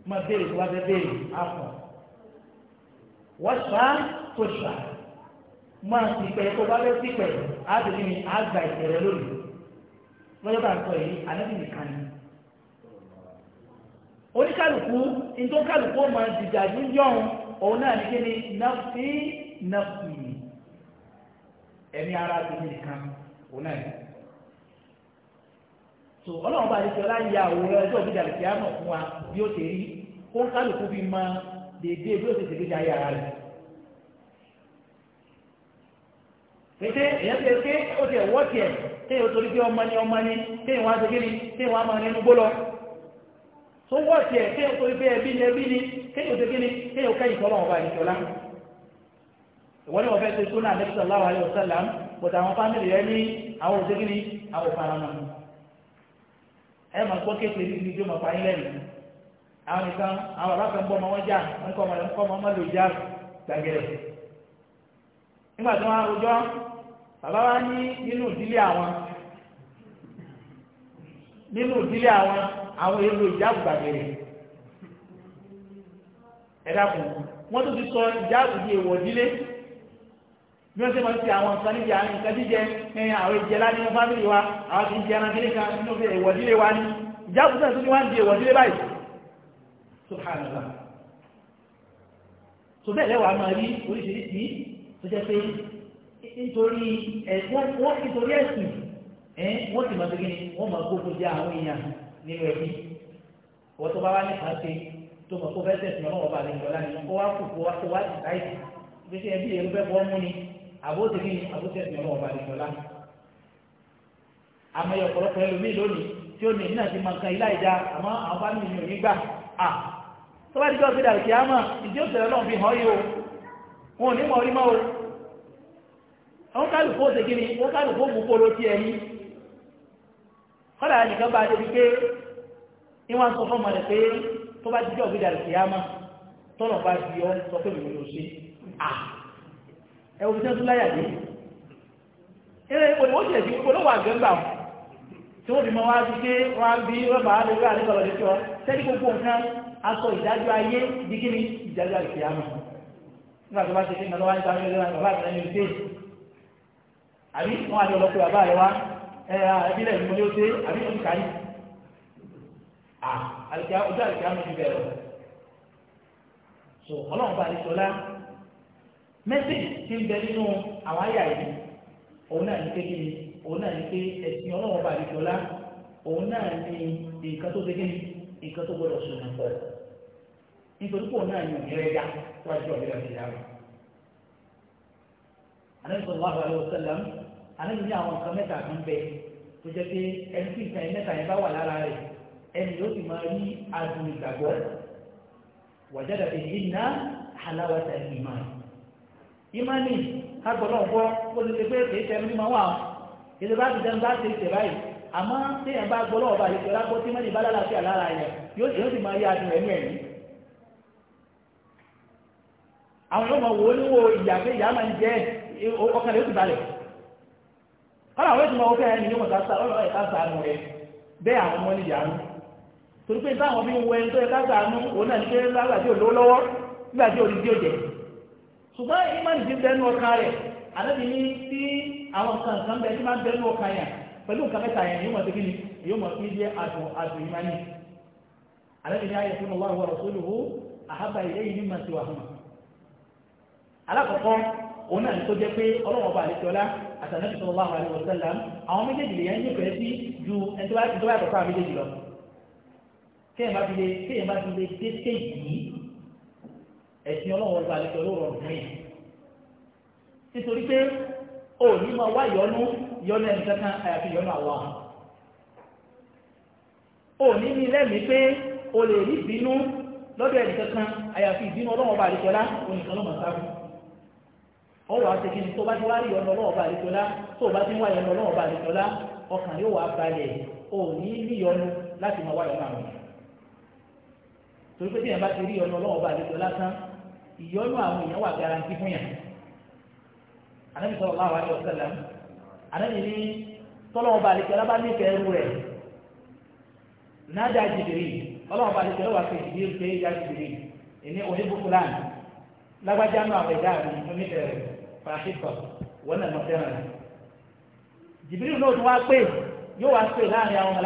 máa béèrè tó bá fẹ́ béèrè àpọ̀ wọ́n ṣá tó ṣá máa sì pẹ̀ tó bá fẹ́ sí pẹ̀ á ti ní àgbà ìṣẹ̀rẹ̀ lónìí lọ́jọ́ bá ń sọ èyí ànábì nìkan ni oníkàlùkù nítorí kàlùkù ọmọ dìjà yíyọ̀hún òun náà ní kí ni nàfí nàfí ẹ̀mí ara ti nìkan òun náà ni so ọlọ́run bá àdìsí ọlá ya àwòrán ẹjọ́ òbí dàbí kíá mọ̀ fún wa bí ó ṣe rí kó ń kálukú fi mọ dédé bí ó ṣe ṣègbè jáyé ara rẹ̀. pété èyàn ti ké ó ti ẹ̀wọ́ tiẹ̀ tí otu torí pé ọmọ ni ọmọ ni tí wọ́n á ṣe kí ni tí wọ́n á máa nínú gbólọ tó wọ́ tiẹ̀ tí o torí pé ẹbí ni ẹbí ni tí o ṣe kí ni tí kẹ́yìn tọ́lọ́ ọba ìṣọ́lá ìwọ́n ni wọ́n fẹ́ ṣe súnà Ànábì sallallahu alaihi wasallam but àwọn fámìlì rẹ ní àwọn òṣèké ní àwọn òfarama ẹ máa gbọ́ kéèké ní ibi tí ó máa yín àwọn àwọn bàbá wa ní nínú ìdílé àwọn nínú ìdílé àwọn àwọn èèlò ìjáàbù gbàgede ẹ dákun wọn tó ti sọ ìjáàbù di èèwọ̀ ìdílé bí wọ́n ṣe máa ń ti àwọn nǹkan níbi àwọn nǹkan jíjẹ ẹ̀yìn àwọn ìjẹlá nínú fámìlì wa àwọn kì í jẹ ẹran kíníkà nínú fi ìwọ̀dílé wa ní ìjáàbù náà tó ní wá ń di ìwọ̀dílé báyìí subhanallah bẹ́ẹ̀ lẹ́wàá nítorí wọ́n nítorí ẹ̀sìn wọ́n sì máa gbégbé wọ́n máa gbógun jẹ àwọn èèyàn nínú ẹbí wọ́n tó bá wá nípa ṣe tó mọ̀ kó fẹ́ tẹ̀sí ọlọ́wọ́ bá lẹ́yìn ọ̀la nínú kó wá kù kó wá kó wá sì láì bí ṣe ẹbí ẹ̀rú bẹ́ẹ̀ bọ́ mú ni àbóṣe kí ni àbóṣe ẹ̀sìn ọlọ́wọ́ bá lẹ́yìn ọ̀la. àmọ́ ọ̀pọ̀lọpọ̀ ẹlòmíì lónìí tí ó ní ìdí náà ti máa kan ilá ìjà àmọ́ àwọn bá nìyí òní gbà àwọn kálùkù ó ṣe kí ni wọ́n kálùkù ó mú kóró tí ẹni kọ́lá nìkan bá débi pé ìwọ̀n sọ fún ọmọ rẹ̀ pé tó bá jíjọ́ ògbé dàrú kìyàmá tọ́nà bá di ọ́ sọ pé mi ò ṣe à ẹ wo fíjọ́ tún láyà dé eré ipò ni wọ́n tiẹ̀ sí ipò lọ́wọ́ àgbẹ̀ǹgbà tí wọ́n fi mọ wá sí pé wọ́n á bí rọ́bà á lè rí àdébọ̀lọ́ lè tọ́ sẹ́ni gbogbo nǹkan aṣọ ìdájọ́ ayé di kí ni ìdájọ́ àìkìyàmá nígbà tó bá ṣe kí ni ọlọ́wọ́ àbí wọ́n àjọ lọ pé bàbá rẹ̀ wá ẹbílẹ̀ ìmú ni ó ṣe àbí ó ń kárí ojú àlùkìá mi ti bẹ̀rẹ̀ so ọlọ́run bá ní sọlá mẹ́sẹ̀gì ti ń bẹ nínú àwọn àyà yìí òun náà ní kékeré òun náà ní pé ẹ̀sìn ọlọ́run bá ní sọlá òun náà ní nǹkan tó gbégé nǹkan tó gbọdọ̀ sùn náà pọ̀ nítorí pé òun náà ní òmìnira ẹja tó wájú ọ̀gbẹ́rẹ́ ọ̀gbẹ́rẹ́ àwọn. àlẹ́ sọ̀rọ̀ wà lọ́wọ́ sẹ́lẹ̀mù àlejò ní àwọn nǹkan mẹ́ta kan bẹ tó jẹ́ pé ẹni tí nǹkan mẹ́ta yẹn bá wà lára rẹ̀ ẹni yóò sì máa rí adùn ìgbàgbọ́ wàjáde àti ìdíná aláwàtà ìmọ̀ ìmánì kágbọ́nà gbọ́ ó lè pé kì í ṣe ẹni máa wà á ìṣe bá ti dẹ́nu bá ti ṣe báyìí àmọ́ tí ẹ̀ bá gbọ́ lọ́wọ́ báyìí pẹ̀lú agbọ́ tí mẹ́rin bá lálàáfíà lára yẹn yóò sì máa rí adùn ẹ̀mí ẹ̀mí àwọn yóò máa wò ó ìyàgbé ìyá máa ń jẹ́ ọkàn rẹ̀ ti balẹ̀ kọ́lá àwọn ètùmọ̀ òfin ẹni yóò mọ̀ta ọlọ́rọ̀ ẹ̀ká sàánú rẹ̀ bẹ́ẹ̀ àwọn ọmọ nìyà ń torí pé táwọn bí wọ ẹni tó ẹ̀ká sàánú òun náà ní pé lágbà tí ò lówó lọ́wọ́ nígbà tí òrìdí tí ò jẹ ṣùgbọ́n èyí máa ń di bẹ́ẹ̀ nù ọkàn rẹ̀ àlẹ́bí ní tí àwọn nǹkan kan bẹ́ẹ̀ tí máa ń bẹ́ẹ̀ nù ọkàn yẹn pẹ̀lú nǹkan mẹ́ta yẹn yóò mọ̀ sí kíni yóò mọ̀ sí jẹ́ adùn adùn ìmánì àlẹ́bí ní ayé fún ọlọ́run wọ̀rọ̀ sólù hó àhábà ilé yìí mímọ̀ sí wàhùn alákọ̀ọ́kọ́ òun náà ní tó jẹ́ pé ọlọ́run ọba àlejò ọlá àtàlẹ́bí sọ̀rọ̀ láwọn àlẹ́ wọ̀sẹ̀lá àwọn méjèèjì lè yẹn nífẹ̀ẹ́ sí ju ẹni tó bá yàtọ̀ sáà méjèèjì lọ. kéèyàn bá fi lè kéèyàn bá fi lè dé stéèjì yìí ẹ̀sìn ọlọ́wọ́ ọba àlejò ló rọrùn fún yìí. nítorí pé o ní máa wá ìyọnu ìyọnu ẹnì kankan àyàfi ìyọnu àwa. o ní ní lẹ́mìí pé o lè rí ìbínú lọ́dọ̀ ẹnì kankan àyàfi ìbínú ọlọ́wọ́ ọba àlejò lá ọwọ́ àti kí ni tó bá ti wá rí ọ̀nà ọlọ́wọ́ bá àdìsọ́lá tó bá ti wá ọ̀nà ọlọ́wọ́ bá àdìsọ́lá ọkàn yóò wá balẹ̀ ò ní rí ọnu láti máa wá ọ̀nà àwọn torí pé tí yẹn bá ti rí ọ̀nà ọlọ́wọ́ bá àdìsọ́lá tán ìyọnu àwọn èèyàn wà garanti fún yàn anabi sọ̀rọ̀ láwọn àti ọ̀sẹ̀ lẹ́m anabi ní tọ́lọ́wọ́ bá àdìsọ́lá bá ní ìfẹ́rù rẹ̀ rẹ̀ fàáfífà wọ́n náà fẹ́ràn rẹ̀ jìbìrì náà tó wá pè yóò wá pè láàrin àwọn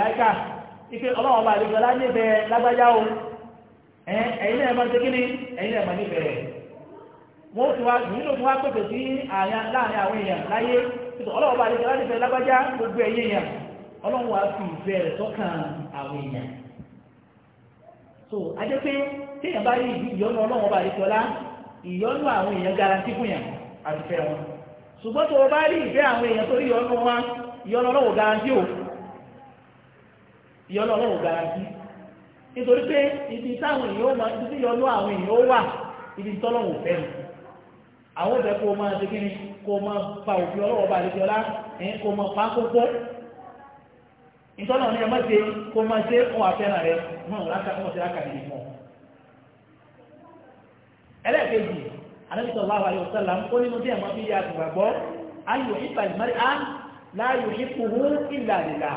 ife ọlọ́wọ́n bá àlejò aláníbẹ̀ lágbájá o ẹ̀yin náà máa ń segin ní ẹ̀yin náà máa níbẹ̀ wọ́n tó wá jìbìrì náà tó wá pèpè sí láàrin àwọn èèyàn láyé ọlọ́wọ́n bá lágbájá gbogbo ẹ̀yin èèyàn ọlọ́wọ́n wá fi ìfẹ́ rẹ̀ àwọn èèyàn àtìfẹ́ wọn ṣùgbọ́n tó o bá rí ìfẹ́ àwọn èèyàn tó rí ìyọnu wa ìyọnu ọlọ́wọ́ garanti o ìyọnu ọlọ́wọ́ garanti nítorí pé ibi táwọn èèyàn ó máa ibi tí ìyọnu àwọn èèyàn ó wà ibi tọ́lọ́wọ́ fẹ́ mi àwọn òbẹ̀ kó o máa ṣe kíni kó o máa fa òfin ọlọ́wọ́ bá àlejò ọlá ẹ̀yìn kó o máa pa kókó ìtọ́nà ní ẹmọ́ ṣe kó máa ṣe ohun àfẹ́ràn rẹ̀ mọ́ ọ̀rọ̀ lákàtúnṣe lákàtúnṣe fún ọ ẹlẹ́ẹ̀kejì Ànábì sallallahu alaihi wasallam ó nínú tí ẹ̀mọ́ bí yàtọ̀ gbàgbọ́ ayò ìfà ìmọ́rí á láàyò ìfòhó ìlà àdìlà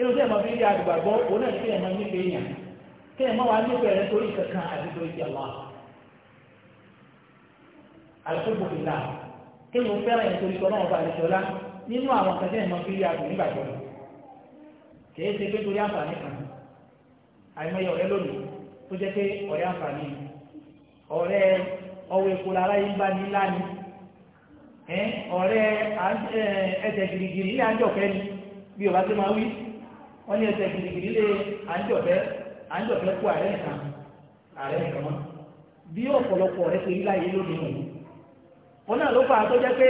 inú tí ẹ̀mọ́ bí yàtọ̀ gbàgbọ́ òun náà kí ẹ̀mọ́ nípe èèyàn kí ẹ̀mọ́ wa nípe rẹ̀ torí kankan àti torí ti ọ̀la àlùkòbò ìlà kí ẹ̀mọ́ fẹ́ràn ẹ̀ torí tọ́lọ́wọ́ bá àdìsọ́lá nínú àwọn kẹtẹ́ ẹ̀mọ́ bí yàtọ̀ nígbàgbọ́ kìí ṣe pé torí àǹfààní kan àìmọye ọ̀rẹ́ lónìí tó jẹ́ pé ọ̀rẹ́ àǹfààní ọ̀rẹ́ ọwọ́ èkó lára yìí ń bá ní ńlá ni ọ̀rẹ́ ẹsẹ̀ gìrìgìrì ilé àjọ̀fẹ́ ni bí ọba tó máa wí wọ́n ní ẹsẹ̀ gìrìgìrì ilé àjọ̀fẹ́ àjọ̀fẹ́ kú ààrẹ nìkan ààrẹ nìkan mọ́ bí ọ̀pọ̀lọpọ̀ ọ̀rẹ́ ṣe rí láyé lónìí òun òun náà ló fà á tó jẹ́ pé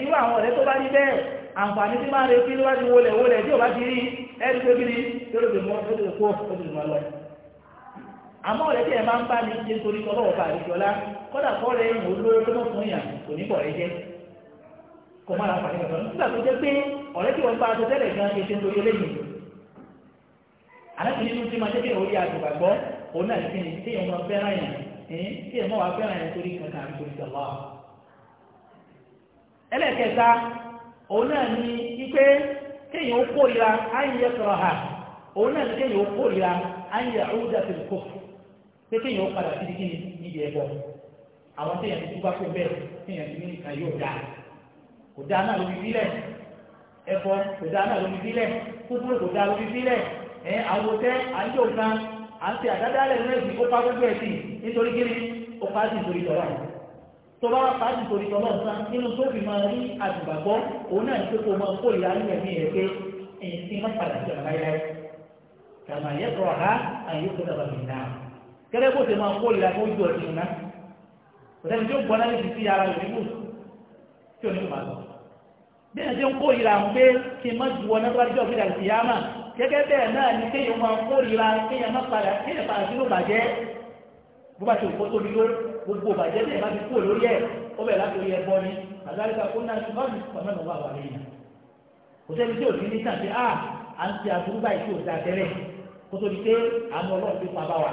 irú àwọn ọ̀rẹ́ tó bá rí bẹ́ẹ̀ àǹfààní tí máa retí níwájú wọlé wọlé tí ọba ti rí ẹni tó bí tó lè fi mọ́ tó lè kó tó lè mọ́ lọ àmọ́ ọ̀rẹ́ tí ẹ máa ń bá mi ṣe torí tọ́lọ́ ọ̀fà àdìjọ́lá kọ́dà kọ́rẹ́ èèyàn olóró tó mọ̀ fún yàn kò ní bọ̀ rẹ jẹ́ kò má ra pàdé kankan nígbà tó jẹ́ pé ọ̀rẹ́ tí wọ́n bá aṣọ tẹ́lẹ̀ gan ṣe torí nínú tí máa orí àgbàgbọ́ òun náà ti ní tí èèyàn máa fẹ́ràn yàn tí èèyàn máa fẹ́ràn yàn torí kankan àti torí òun náà ni kéèyàn ó kórira á ń yẹ pé kéèyàn ó padà síbi kíni níbi ẹ̀bọ àwọn téèyàn ti túbá kó bẹ́ẹ̀ téèyàn ti ní nǹkan yóò dáa kò dáa náà lómi bílẹ̀ ẹ̀bọ kò dáa náà lómi bílẹ̀ kúkúrú kò dáa lómi bílẹ̀ ẹ̀ àwọn tẹ́ àyíjọ́ kan à ń ṣe àdádálẹ̀ lẹ́sìn ó pa gbogbo ẹ̀sìn nítorí kíni ó pa á sì nítorí tọ́lá tó bá pa á sì nítorí tọ́lá ọ̀sán nínú tó fi máa rí àdùgbàgbọ́ òun náà ní pé kó máa kẹ́lẹ́ bó ṣe máa kó ìlà kó jù ọ̀sìn náà ọ̀sẹ̀ tí ó gbọ́n náà ti fi ara rẹ̀ níbù tí ò ní kò máa lọ. bí ẹ̀ ṣe ń kó ìlà ń pé kí n má ju ọ nípa ìjọ ìgbéra ìsì yá mà gẹ́gẹ́ bẹ́ẹ̀ náà ni kéèyàn máa kó ìlà kéèyàn má padà kéèyàn padà sínú bàjẹ́ bó bá ṣe òkú tóbi tó gbogbo bàjẹ́ bẹ́ẹ̀ bá ti kú lórí ẹ̀ ó bẹ̀ láti orí ẹbọ ni àgbáríkà kó náà ti bọ́ọ̀lù pàmẹ́nu wà wà lẹ́yìn kò sẹ́ni tí ò sí ní tàn pé à ah, à ń ti àbúrú báyìí tí ò dáa tẹ́lẹ̀ kó tóbi pé àánú ọlọ́run ti pa bá wa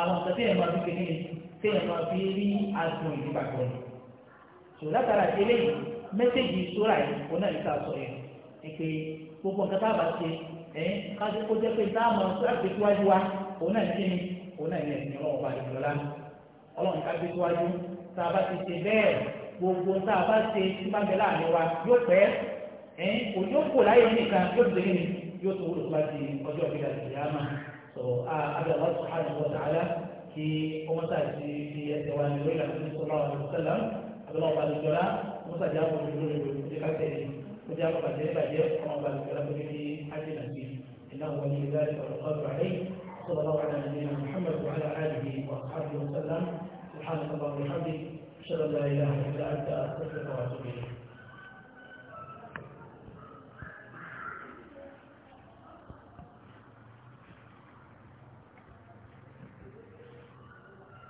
àwọn nǹkan tí ẹ̀ máa fi kékeré tí ẹ̀ máa fi rí adùn ìdíbàgbọ́ yìí so látara ìdílé yìí mẹ́tẹ̀ẹ̀jì sóra yìí kò náà níta sọ yẹn ni pé gbogbo nǹkan tá a bá ṣe ẹ̀ kájú kó jẹ́ pé dáàmú láti síwájú wa kò náà ní kíni kò náà ní ẹ̀sìn ọlọ́run bá ìjọ lá ọlọ́run ká gbé síwájú tá a bá ti ṣe bẹ́ẹ̀ gbogbo tá a bá ṣe tí bá bẹ láàrin wa yóò pẹ́ ẹ̀ kò yóò kò láyé nìkan yóò ti tó abẹ́ àwọn sùhánù wọ̀ tààlà kí ọmọ sàtì fi ẹsẹ̀ wa ní orílẹ̀ àti sọ́lá wa ní sọ́lá abẹ́ wọn balẹ̀ jọra ọmọ sàtì àwọn olùdó rẹ̀ ló ti ká tẹ̀lé ó jẹ́ àwọn bàjẹ́ bàjẹ́ ọmọ balẹ̀ jọra tó fi ájì nà sí iná wọn ní ìlà ìfọ̀rọ̀kọ́dọ̀ àlẹ́ صلى الله على نبينا محمد وعلى اله وصحبه وسلم سبحانك اللهم وبحمدك اشهد ان لا اله الا انت استغفرك واتوب اليك